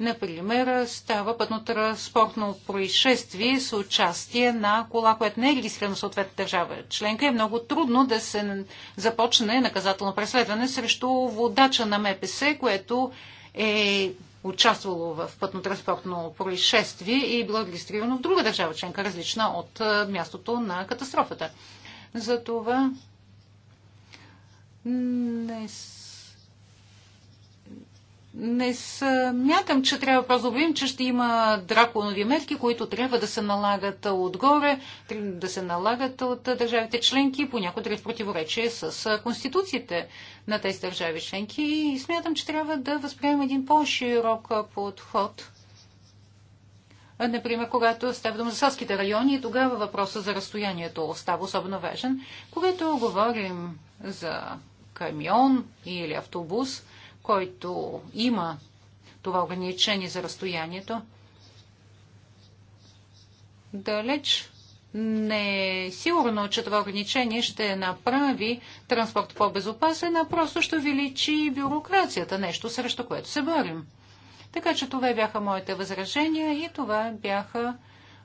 Например, става пътно-транспортно происшествие с участие на кола, която не е регистрирана в съответната държава членка. Е много трудно да се започне наказателно преследване срещу водача на МПС, което е участвало в пътно-транспортно происшествие и е било регистрирано в друга държава членка, различна от мястото на катастрофата. Затова не не смятам, че трябва просто да обявим, че ще има драконови мерки, които трябва да се налагат отгоре, да се налагат от държавите членки, понякога да в противоречие с конституциите на тези държави членки. И смятам, че трябва да възприемем един по-широк подход. Например, когато става дума за селските райони, тогава въпросът за разстоянието става особено важен. Когато говорим за камион или автобус, който има това ограничение за разстоянието, далеч не е сигурно, че това ограничение ще направи транспорт по-безопасен, а просто ще увеличи бюрокрацията, нещо срещу което се борим. Така че това бяха моите възражения и това бяха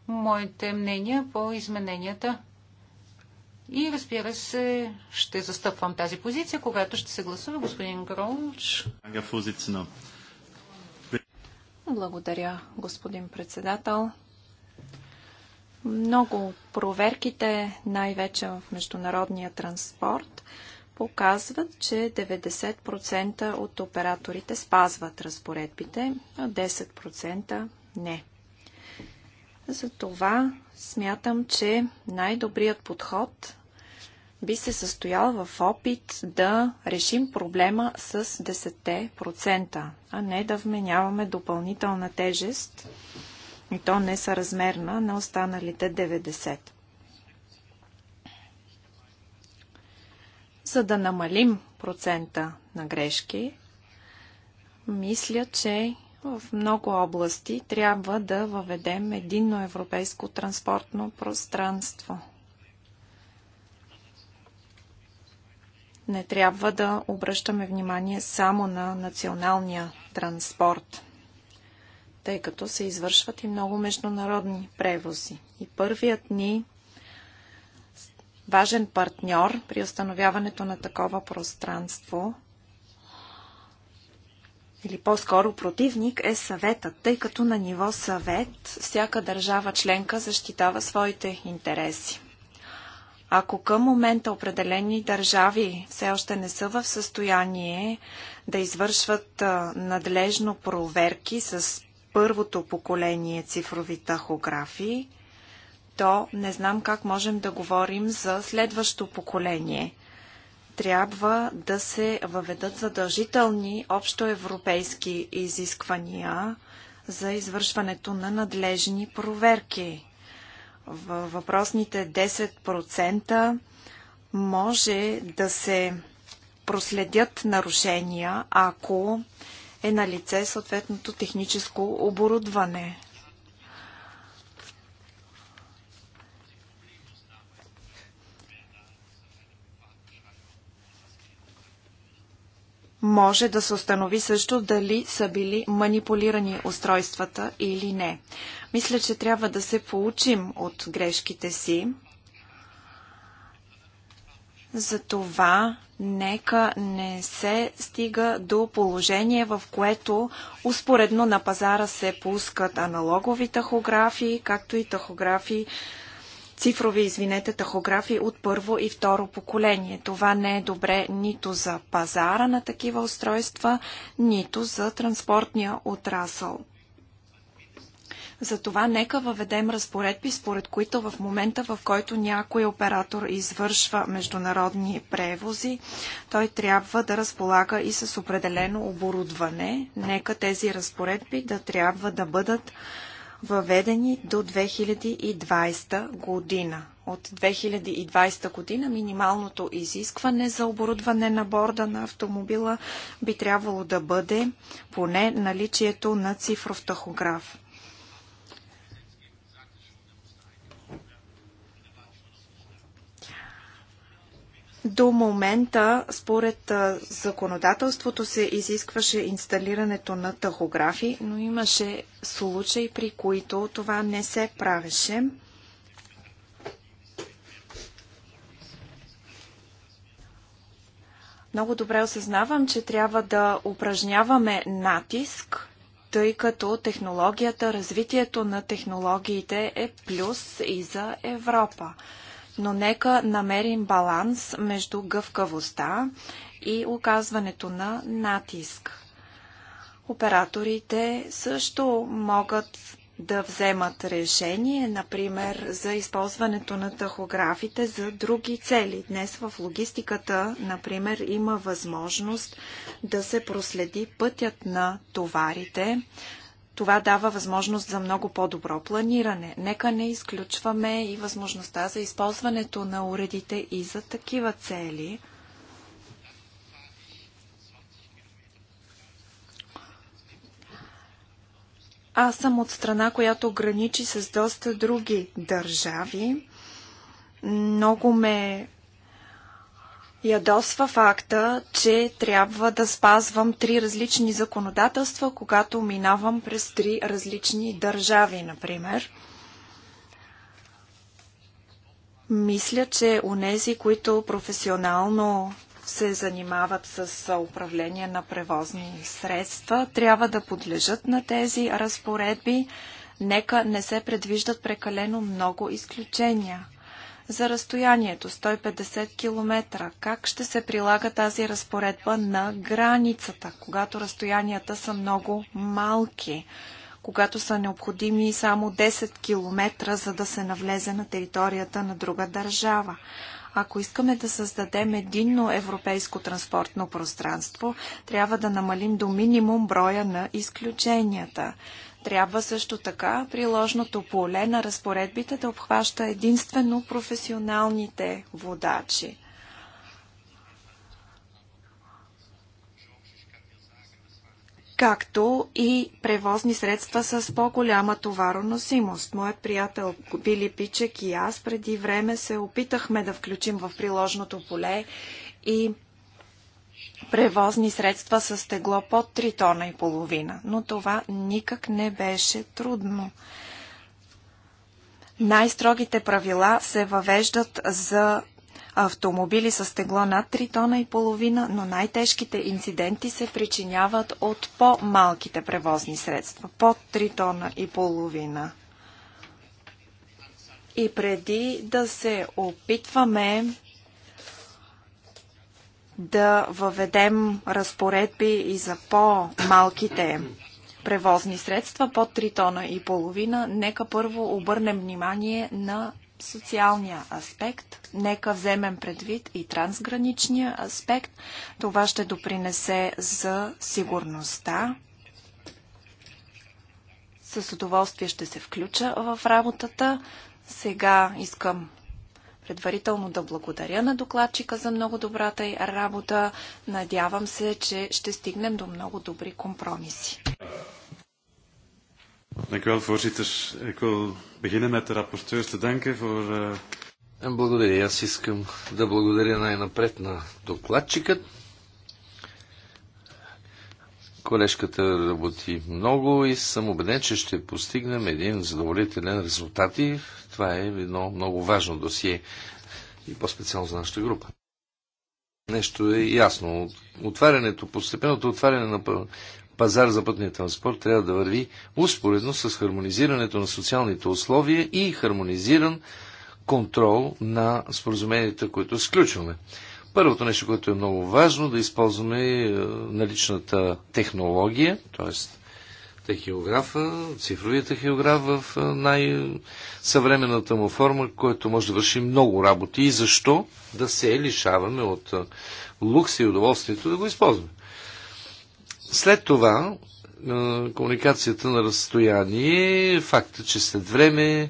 моите мнения по измененията и разбира се, ще застъпвам тази позиция, когато ще се гласува господин Гролч. Благодаря, господин председател. Много проверките, най-вече в международния транспорт, показват, че 90% от операторите спазват разпоредбите, а 10% не. Затова смятам, че най-добрият подход би се състоял в опит да решим проблема с 10%, а не да вменяваме допълнителна тежест и то не съразмерна на останалите 90%. За да намалим процента на грешки, мисля, че в много области трябва да въведем единно европейско транспортно пространство – Не трябва да обръщаме внимание само на националния транспорт, тъй като се извършват и много международни превози. И първият ни важен партньор при установяването на такова пространство или по-скоро противник е съветът, тъй като на ниво съвет всяка държава членка защитава своите интереси. Ако към момента определени държави все още не са в състояние да извършват надлежно проверки с първото поколение цифрови тахографи, то не знам как можем да говорим за следващо поколение. Трябва да се въведат задължителни общоевропейски изисквания за извършването на надлежни проверки въпросните 10% може да се проследят нарушения, ако е на лице съответното техническо оборудване. Може да се установи също дали са били манипулирани устройствата или не. Мисля, че трябва да се получим от грешките си. Затова нека не се стига до положение, в което успоредно на пазара се пускат аналогови тахографии, както и тахографии цифрови, извинете, тахографи от първо и второ поколение. Това не е добре нито за пазара на такива устройства, нито за транспортния отрасъл. Затова нека въведем разпоредби, според които в момента, в който някой оператор извършва международни превози, той трябва да разполага и с определено оборудване. Нека тези разпоредби да трябва да бъдат въведени до 2020 година. От 2020 година минималното изискване за оборудване на борда на автомобила би трябвало да бъде поне наличието на цифров тахограф. До момента, според законодателството, се изискваше инсталирането на тахографи, но имаше случаи, при които това не се правеше. Много добре осъзнавам, че трябва да упражняваме натиск, тъй като технологията, развитието на технологиите е плюс и за Европа но нека намерим баланс между гъвкавостта и оказването на натиск. Операторите също могат да вземат решение, например, за използването на тахографите за други цели. Днес в логистиката, например, има възможност да се проследи пътят на товарите, това дава възможност за много по-добро планиране. Нека не изключваме и възможността за използването на уредите и за такива цели. Аз съм от страна, която граничи с доста други държави. Много ме ядосва факта, че трябва да спазвам три различни законодателства, когато минавам през три различни държави, например. Мисля, че онези, които професионално се занимават с управление на превозни средства, трябва да подлежат на тези разпоредби. Нека не се предвиждат прекалено много изключения – за разстоянието 150 км. Как ще се прилага тази разпоредба на границата, когато разстоянията са много малки? когато са необходими само 10 км, за да се навлезе на територията на друга държава. Ако искаме да създадем единно европейско транспортно пространство, трябва да намалим до минимум броя на изключенията. Трябва също така приложното поле на разпоредбите да обхваща единствено професионалните водачи. както и превозни средства с по-голяма товароносимост. Моят приятел Били Пичек и аз преди време се опитахме да включим в приложното поле и превозни средства с тегло под 3 тона и половина, но това никак не беше трудно. Най-строгите правила се въвеждат за автомобили с тегло над 3 тона и половина, но най-тежките инциденти се причиняват от по-малките превозни средства, под 3 тона и половина. И преди да се опитваме да въведем разпоредби и за по-малките превозни средства под 3 тона и половина, нека първо обърнем внимание на социалния аспект. Нека вземем предвид и трансграничния аспект. Това ще допринесе за сигурността. С удоволствие ще се включа в работата. Сега искам предварително да благодаря на докладчика за много добрата й работа. Надявам се, че ще стигнем до много добри компромиси. Eh, благодаря. Аз искам да благодаря най-напред на докладчикът. Колежката работи много и съм убеден, че ще постигнем един задоволителен резултат и това е едно много важно досие и по-специално за нашата група. Нещо е ясно. Отварянето, постепенното отваряне на пазар за пътния транспорт трябва да върви успоредно с хармонизирането на социалните условия и хармонизиран контрол на споразуменията, които сключваме. Първото нещо, което е много важно, да използваме е, наличната технология, т.е тахиографа, цифровия тахиограф в най-съвременната му форма, който може да върши много работи и защо да се лишаваме от лукс и удоволствието да го използваме. След това комуникацията на разстояние, факта, че след време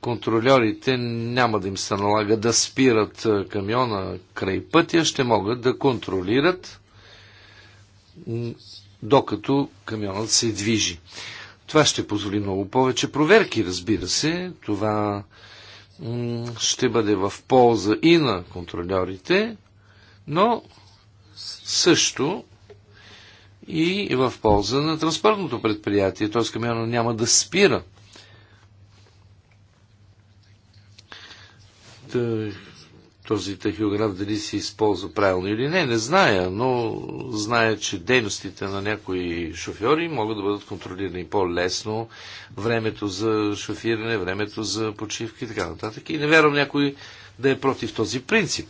контролерите няма да им се налага да спират камиона край пътя, ще могат да контролират докато камионът се движи. Това ще позволи много повече проверки, разбира се. Това ще бъде в полза и на контролерите, но също и в полза на транспортното предприятие, т.е. камиона няма да спира. Тъй, този тахиограф дали се използва правилно или не, не зная, но зная, че дейностите на някои шофьори могат да бъдат контролирани по-лесно, времето за шофиране, времето за почивка и така нататък. И не вярвам някой да е против този принцип.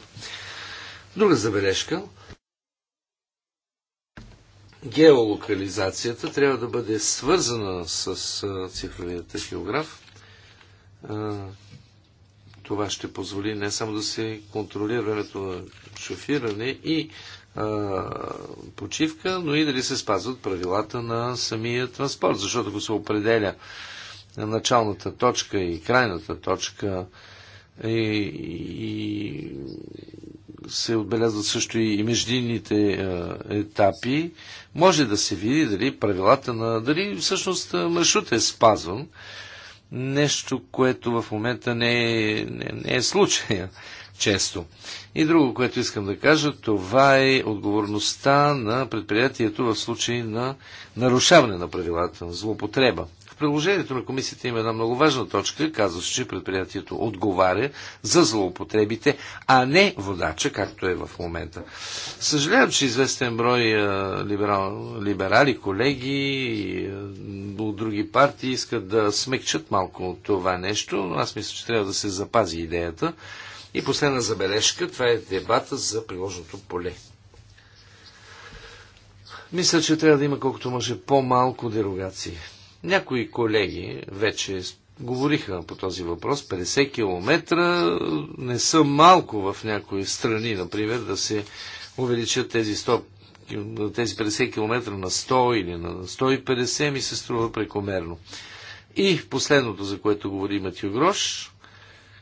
Друга забележка. Геолокализацията трябва да бъде свързана с цифровия тахиограф това ще позволи не само да се контролира времето на шофиране и а, почивка, но и дали се спазват правилата на самия транспорт. Защото ако се определя началната точка и крайната точка и, и се отбелязват също и междинните етапи, може да се види дали правилата на... дали всъщност маршрут е спазван нещо, което в момента не е, не, не е случая често. И друго, което искам да кажа, това е отговорността на предприятието в случай на нарушаване на правилата, на злоупотреба. В приложението на комисията има една много важна точка, се, че предприятието отговаря за злоупотребите, а не водача, както е в момента. Съжалявам, че известен брой либерал, либерали, колеги и от други партии искат да смекчат малко от това нещо, но аз мисля, че трябва да се запази идеята. И последна забележка, това е дебата за приложното поле. Мисля, че трябва да има колкото може по-малко дерогации. Някои колеги вече говориха по този въпрос. 50 км не са малко в някои страни, например, да се увеличат тези 100 тези 50 км на 100 или на 150 ми се струва прекомерно. И последното, за което говори Матю Грош,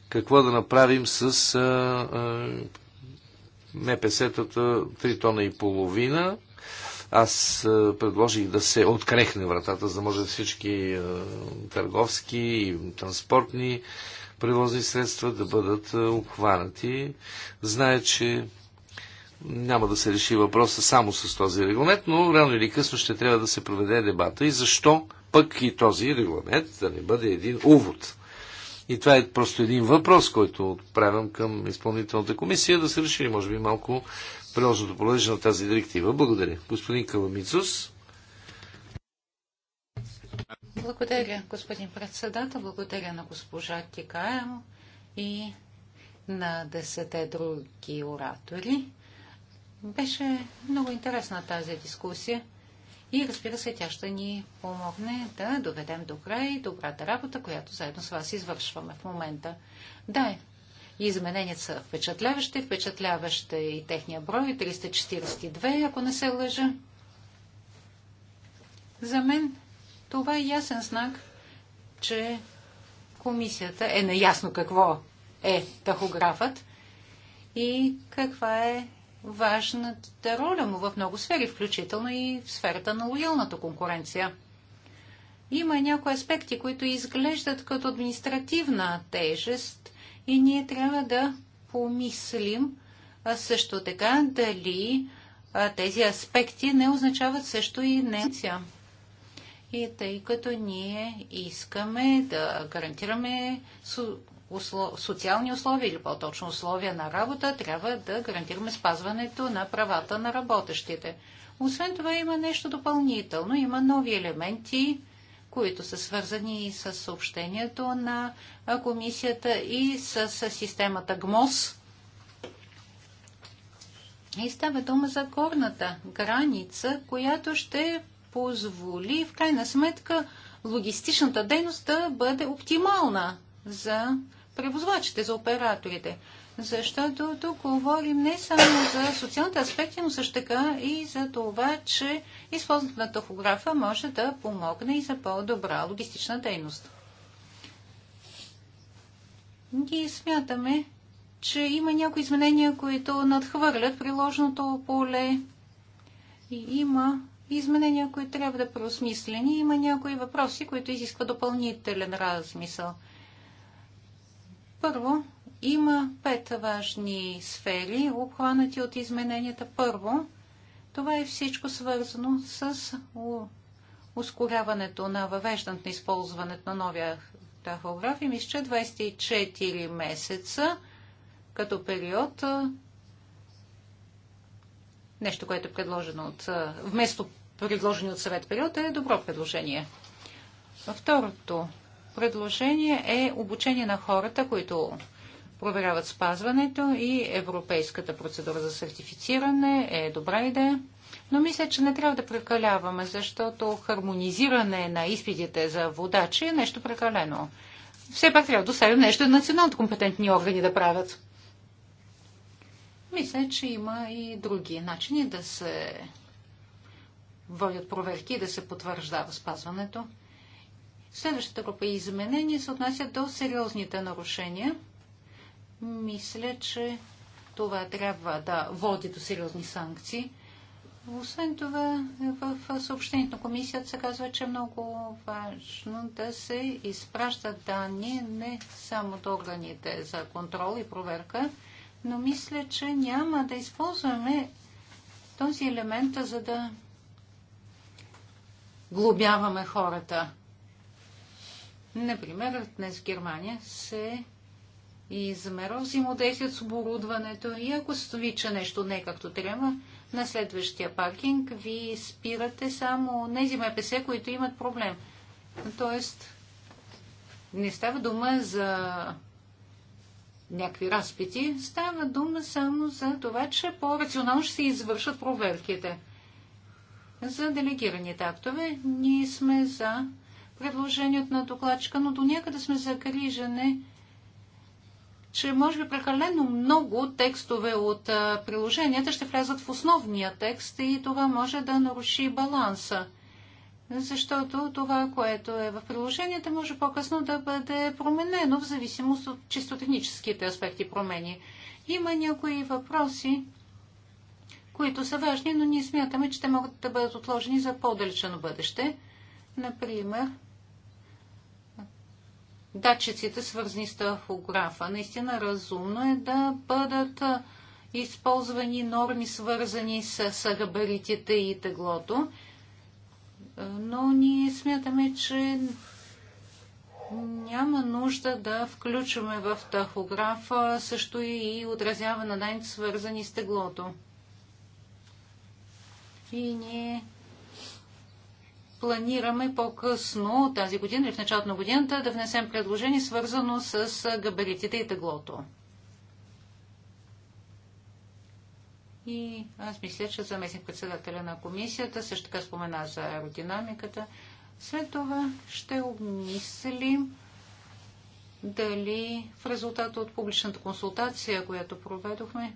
какво да направим с а, а, МПС-тата 3 тона и половина, аз е, предложих да се открехне вратата, за да може всички е, търговски и транспортни превозни средства да бъдат е, обхванати. Зная, че няма да се реши въпроса само с този регламент, но рано или късно ще трябва да се проведе дебата и защо пък и този регламент да не бъде един увод. И това е просто един въпрос, който отправям към изпълнителната комисия, да се реши, може би, малко приложното положение на тази директива. Благодаря. Господин Каламицус. Благодаря, господин председател. Благодаря на госпожа Тикаемо и на десете други оратори. Беше много интересна тази дискусия и разбира се, тя ще ни помогне да доведем до край добрата работа, която заедно с вас извършваме в момента. Да, и измененията са впечатляващи. Впечатляваща е и техния брой 342, ако не се лъжа. За мен това е ясен знак, че комисията е наясно какво е тахографът и каква е важната роля му в много сфери, включително и в сферата на лоялната конкуренция. Има някои аспекти, които изглеждат като административна тежест, и ние трябва да помислим също така дали тези аспекти не означават също и неция. И тъй като ние искаме да гарантираме социални условия или по-точно условия на работа, трябва да гарантираме спазването на правата на работещите. Освен това има нещо допълнително, има нови елементи, които са свързани и с съобщението на комисията и с системата ГМОС. И става дума за горната граница, която ще позволи в крайна сметка логистичната дейност да бъде оптимална за превозвачите, за операторите защото тук говорим не само за социалните аспекти, но също така и за това, че използването на тахографа може да помогне и за по-добра логистична дейност. Ние смятаме, че има някои изменения, които надхвърлят приложното поле. И има изменения, които трябва да преосмислени. Има някои въпроси, които изискват допълнителен размисъл. Първо, има пет важни сфери, обхванати от измененията. Първо, това е всичко свързано с ускоряването на въвеждането на използването на новия тахограф и мисля, че 24 месеца като период нещо, което е предложено от, вместо предложено от съвет период е добро предложение. Второто предложение е обучение на хората, които проверяват спазването и европейската процедура за сертифициране е добра идея. Но мисля, че не трябва да прекаляваме, защото хармонизиране на изпитите за водачи е нещо прекалено. Все пак трябва да оставим нещо националните компетентни органи да правят. Мисля, че има и други начини да се водят проверки и да се потвърждава спазването. Следващата група изменения се отнасят до сериозните нарушения – мисля, че това трябва да води до сериозни санкции. Освен това, в съобщението на комисията се казва, че е много важно да се изпращат данни не само до органите за контрол и проверка, но мисля, че няма да използваме този елемент, за да глобяваме хората. Например, днес в Германия се и замерва взаимодействието с оборудването и ако се ви, че нещо не е както трябва, на следващия паркинг ви спирате само тези МПС, които имат проблем. Тоест, не става дума за някакви разпити, става дума само за това, че по-рационално ще се извършат проверките. За делегираните актове ние сме за предложението на докладчика, но до някъде сме крижане че може би прекалено много текстове от приложенията ще влязат в основния текст и това може да наруши баланса. Защото това, което е в приложенията, може по-късно да бъде променено в зависимост от чисто техническите аспекти промени. Има някои въпроси, които са важни, но ние смятаме, че те могат да бъдат отложени за по-далечено бъдеще. Например, датчиците, свързани с тахографа. Наистина разумно е да бъдат използвани норми, свързани с габаритите и теглото, но ние смятаме, че няма нужда да включваме в тахографа също и отразяване на данните, свързани с теглото. И ние планираме по-късно тази година или в началото на годината да внесем предложение, свързано с габаритите и теглото. И аз мисля, че заместник председателя на комисията също така спомена за аеродинамиката. След това ще обмислим дали в резултат от публичната консултация, която проведохме,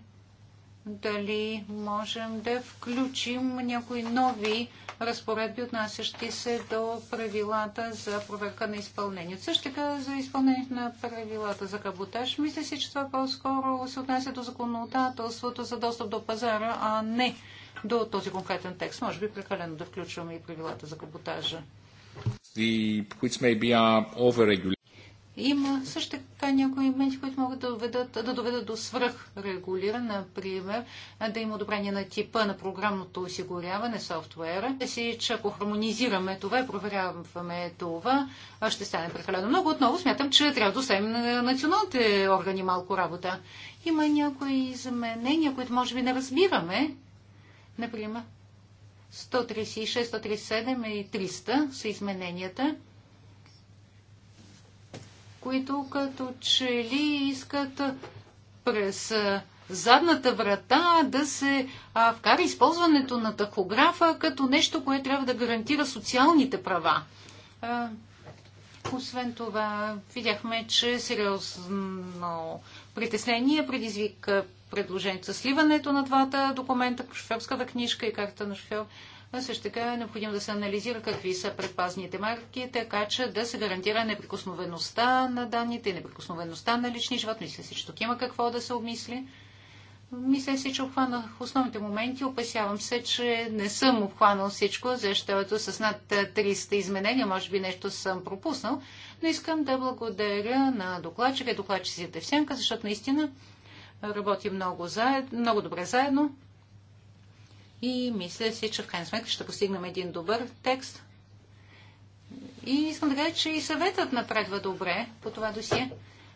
дали можем да включим някои нови разпоредби, отнасящи се до правилата за проверка на изпълнение. Също така за изпълнението на правилата за каботаж, мисля си, че това по-скоро се отнася до законодателството за достъп до пазара, а не до този конкретен текст. Може би прекалено да включваме и правилата за каботажа. Uh, има също така някои моменти, които могат да доведат, да доведат до свръхрегулиране, например, да има одобрение на типа на програмното осигуряване, софтуера. Да си, че ако хармонизираме това и проверяваме това, ще стане прекалено много. Отново смятам, че трябва да оставим на националните органи малко работа. Има някои изменения, които може би не разбираме. Например, 136, 137 и 300 са измененията които като че ли искат през задната врата да се а, вкара използването на тахографа като нещо, което трябва да гарантира социалните права. А, освен това, видяхме, че сериозно притеснение предизвика предложението за сливането на двата документа, шофьорската книжка и карта на шофьор а също така е необходимо да се анализира какви са предпазните марки, така че да се гарантира неприкосновеността на данните, неприкосновеността на лични живот. Мисля си, че тук има какво да се обмисли. Мисля си, че обхванах основните моменти. Опасявам се, че не съм обхванал всичко, защото с над 300 изменения, може би нещо съм пропуснал. Но искам да благодаря на докладчика и докладчиците в защото наистина работи много, заед... много добре заедно и мисля си, че в крайна сметка ще постигнем един добър текст. И искам да кажа, че и съветът напредва добре по това досие,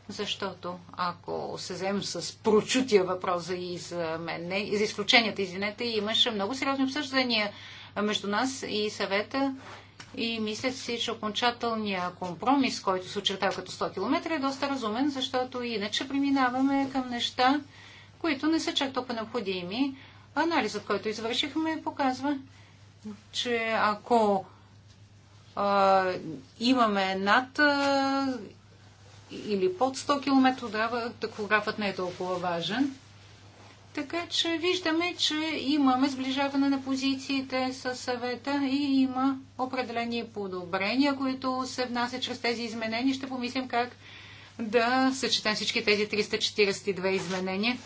защото ако се вземем с прочутия въпрос за и за изключенията, извинете, имаше много сериозни обсъждания между нас и съвета и мисля си, че окончателният компромис, който се очертава като 100 км е доста разумен, защото иначе преминаваме към неща, които не са чак толкова необходими. Анализът, който извършихме, показва, че ако а, имаме над а, или под 100 км, тогава тахографът не е толкова важен. Така че виждаме, че имаме сближаване на позициите с съвета и има определени подобрения, които се внасят чрез тези изменения. Ще помислим как да съчетаем всички тези 342 изменения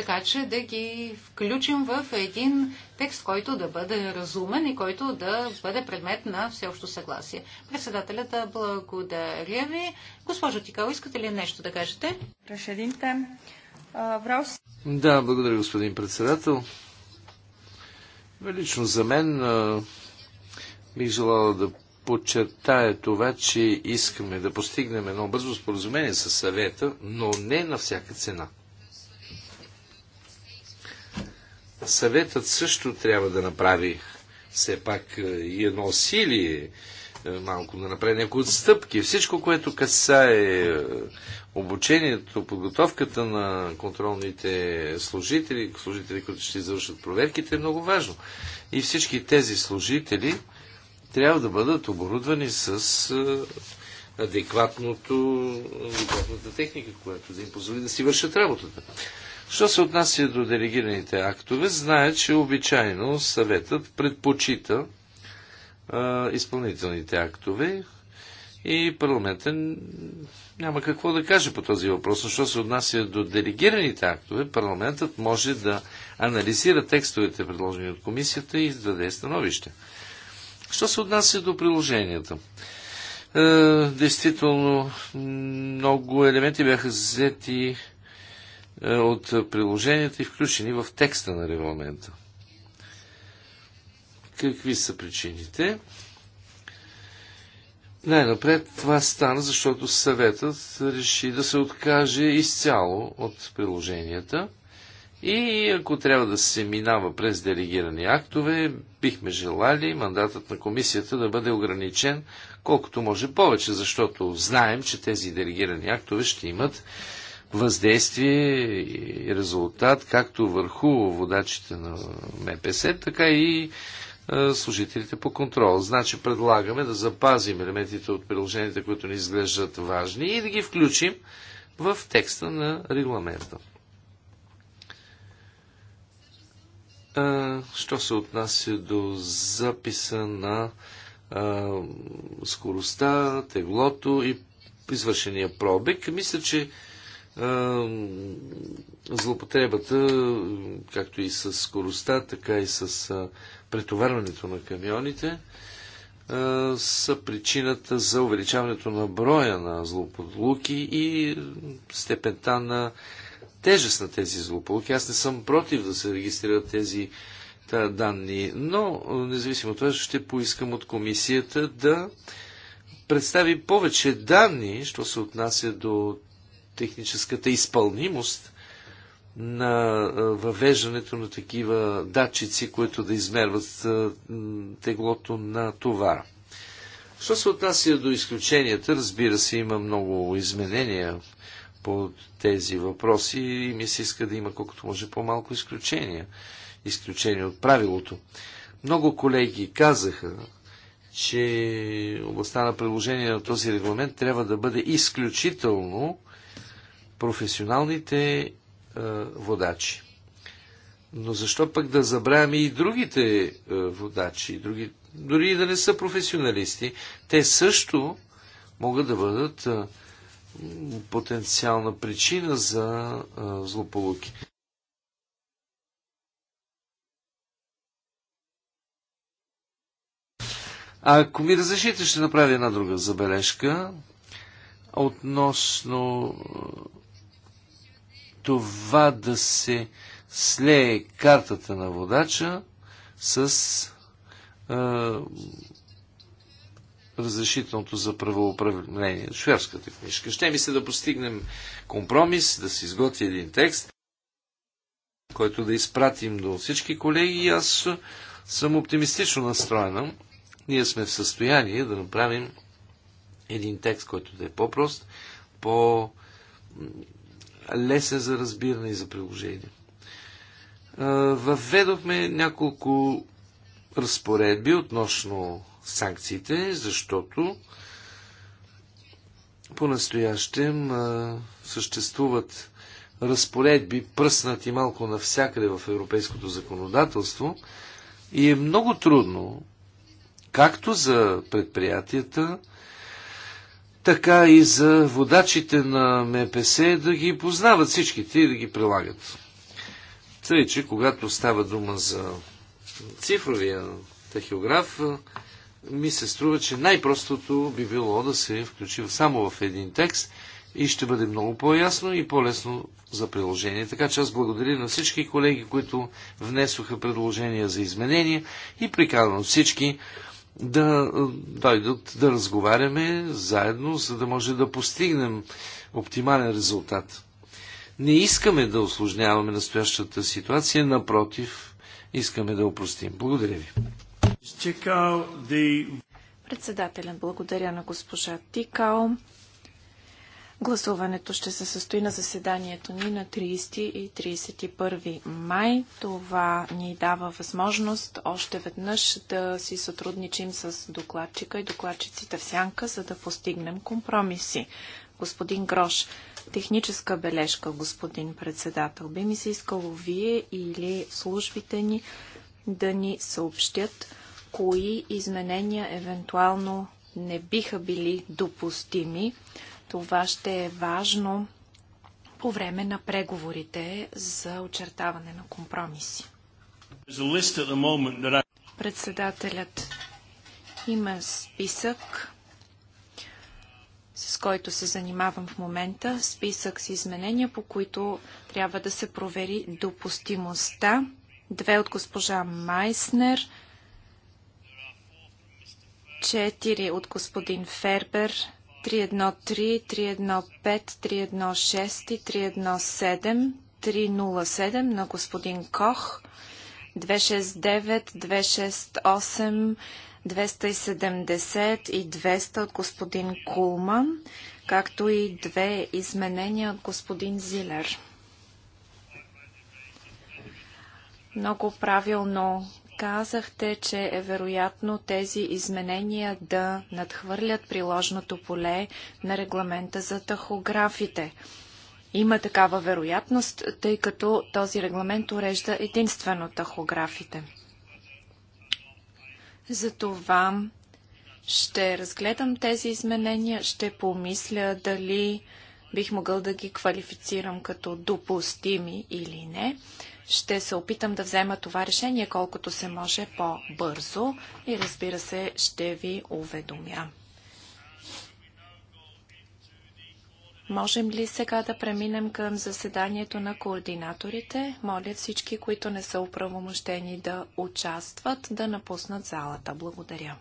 така че да ги включим в един текст, който да бъде разумен и който да бъде предмет на всеобщо съгласие. Председателята, благодаря ви. Госпожо Тикал, искате ли нещо да кажете? Да, благодаря, господин председател. Лично за мен бих желала да подчертая това, че искаме да постигнем едно бързо споразумение с съвета, но не на всяка цена – Съветът също трябва да направи все пак е, и едно усилие, е, малко да направи някои отстъпки. Всичко, което касае е, обучението, подготовката на контролните служители, служители, които ще извършат проверките, е много важно. И всички тези служители трябва да бъдат оборудвани с адекватното, адекватната техника, която да им позволи да си вършат работата. Що се отнася до делегираните актове, знае, че обичайно съветът предпочита а, изпълнителните актове и парламентът няма какво да каже по този въпрос. Що се отнася до делегираните актове, парламентът може да анализира текстовете, предложени от комисията и да даде становище. Що се отнася до приложенията? Е, действително, много елементи бяха взети е, от приложенията и включени в текста на регламента. Какви са причините? Най-напред това стана, защото съветът реши да се откаже изцяло от приложенията и ако трябва да се минава през делегирани актове, бихме желали мандатът на комисията да бъде ограничен колкото може повече, защото знаем, че тези делегирани актове ще имат въздействие и резултат както върху водачите на МПС, така и служителите по контрол. Значи предлагаме да запазим елементите от приложенията, които ни изглеждат важни и да ги включим в текста на регламента. Що се отнася до записа на скоростта, теглото и извършения пробег, мисля, че злопотребата, както и с скоростта, така и с претоварването на камионите, са причината за увеличаването на броя на злополуки и степента на тежест на тези злополуки. Аз не съм против да се регистрират тези данни, но независимо от това ще поискам от комисията да представи повече данни, що се отнася до техническата изпълнимост на въвеждането на такива датчици, които да измерват теглото на товара. Що се отнася до изключенията, разбира се, има много изменения по тези въпроси и ми се иска да има колкото може по-малко изключения. Изключения от правилото. Много колеги казаха, че областта на приложение на този регламент трябва да бъде изключително професионалните е, водачи. Но защо пък да забравяме и другите е, водачи, други, дори и да не са професионалисти, те също могат да бъдат е, потенциална причина за злополуки. А ако ми разрешите, ще направя една друга забележка относно това да се слее картата на водача с а, е, разрешителното за правоуправление, шверската книжка. Ще ми се да постигнем компромис, да се изготви един текст, който да изпратим до всички колеги. И аз съм оптимистично настроена. Ние сме в състояние да направим един текст, който да е по-прост, по лесен за разбиране и за приложение. Въведохме няколко разпоредби относно санкциите, защото по-настоящем съществуват разпоредби, пръснати малко навсякъде в европейското законодателство и е много трудно както за предприятията, така и за водачите на МПС да ги познават всичките и да ги прилагат. Тъй, че когато става дума за цифровия тахиограф, ми се струва, че най-простото би било да се включи само в един текст и ще бъде много по-ясно и по-лесно за приложение. Така че аз благодаря на всички колеги, които внесоха предложения за изменения и приканвам всички да е, дойдат да разговаряме заедно, за да може да постигнем оптимален резултат. Не искаме да осложняваме настоящата ситуация, напротив, искаме да опростим. Благодаря ви. Председателя, благодаря на госпожа Тикао. Гласуването ще се състои на заседанието ни на 30 и 31 май. Това ни дава възможност още веднъж да си сътрудничим с докладчика и докладчиците в сянка, за да постигнем компромиси. Господин Грош, техническа бележка, господин председател. Би ми се искало вие или службите ни да ни съобщят кои изменения евентуално не биха били допустими това ще е важно по време на преговорите за очертаване на компромиси. Председателят има списък, с който се занимавам в момента, списък с изменения, по които трябва да се провери допустимостта. Две от госпожа Майснер, четири от господин Фербер, 313, 315, 316 и 317, 307 на господин Кох, 269, 268, 270 и 200 от господин Кулман, както и две изменения от господин Зилер. Много правилно Казахте, че е вероятно тези изменения да надхвърлят приложното поле на регламента за тахографите. Има такава вероятност, тъй като този регламент урежда единствено тахографите. Затова ще разгледам тези изменения, ще помисля дали бих могъл да ги квалифицирам като допустими или не. Ще се опитам да взема това решение колкото се може по-бързо и разбира се, ще ви уведомя. Можем ли сега да преминем към заседанието на координаторите? Моля всички, които не са оправомощени да участват, да напуснат залата. Благодаря.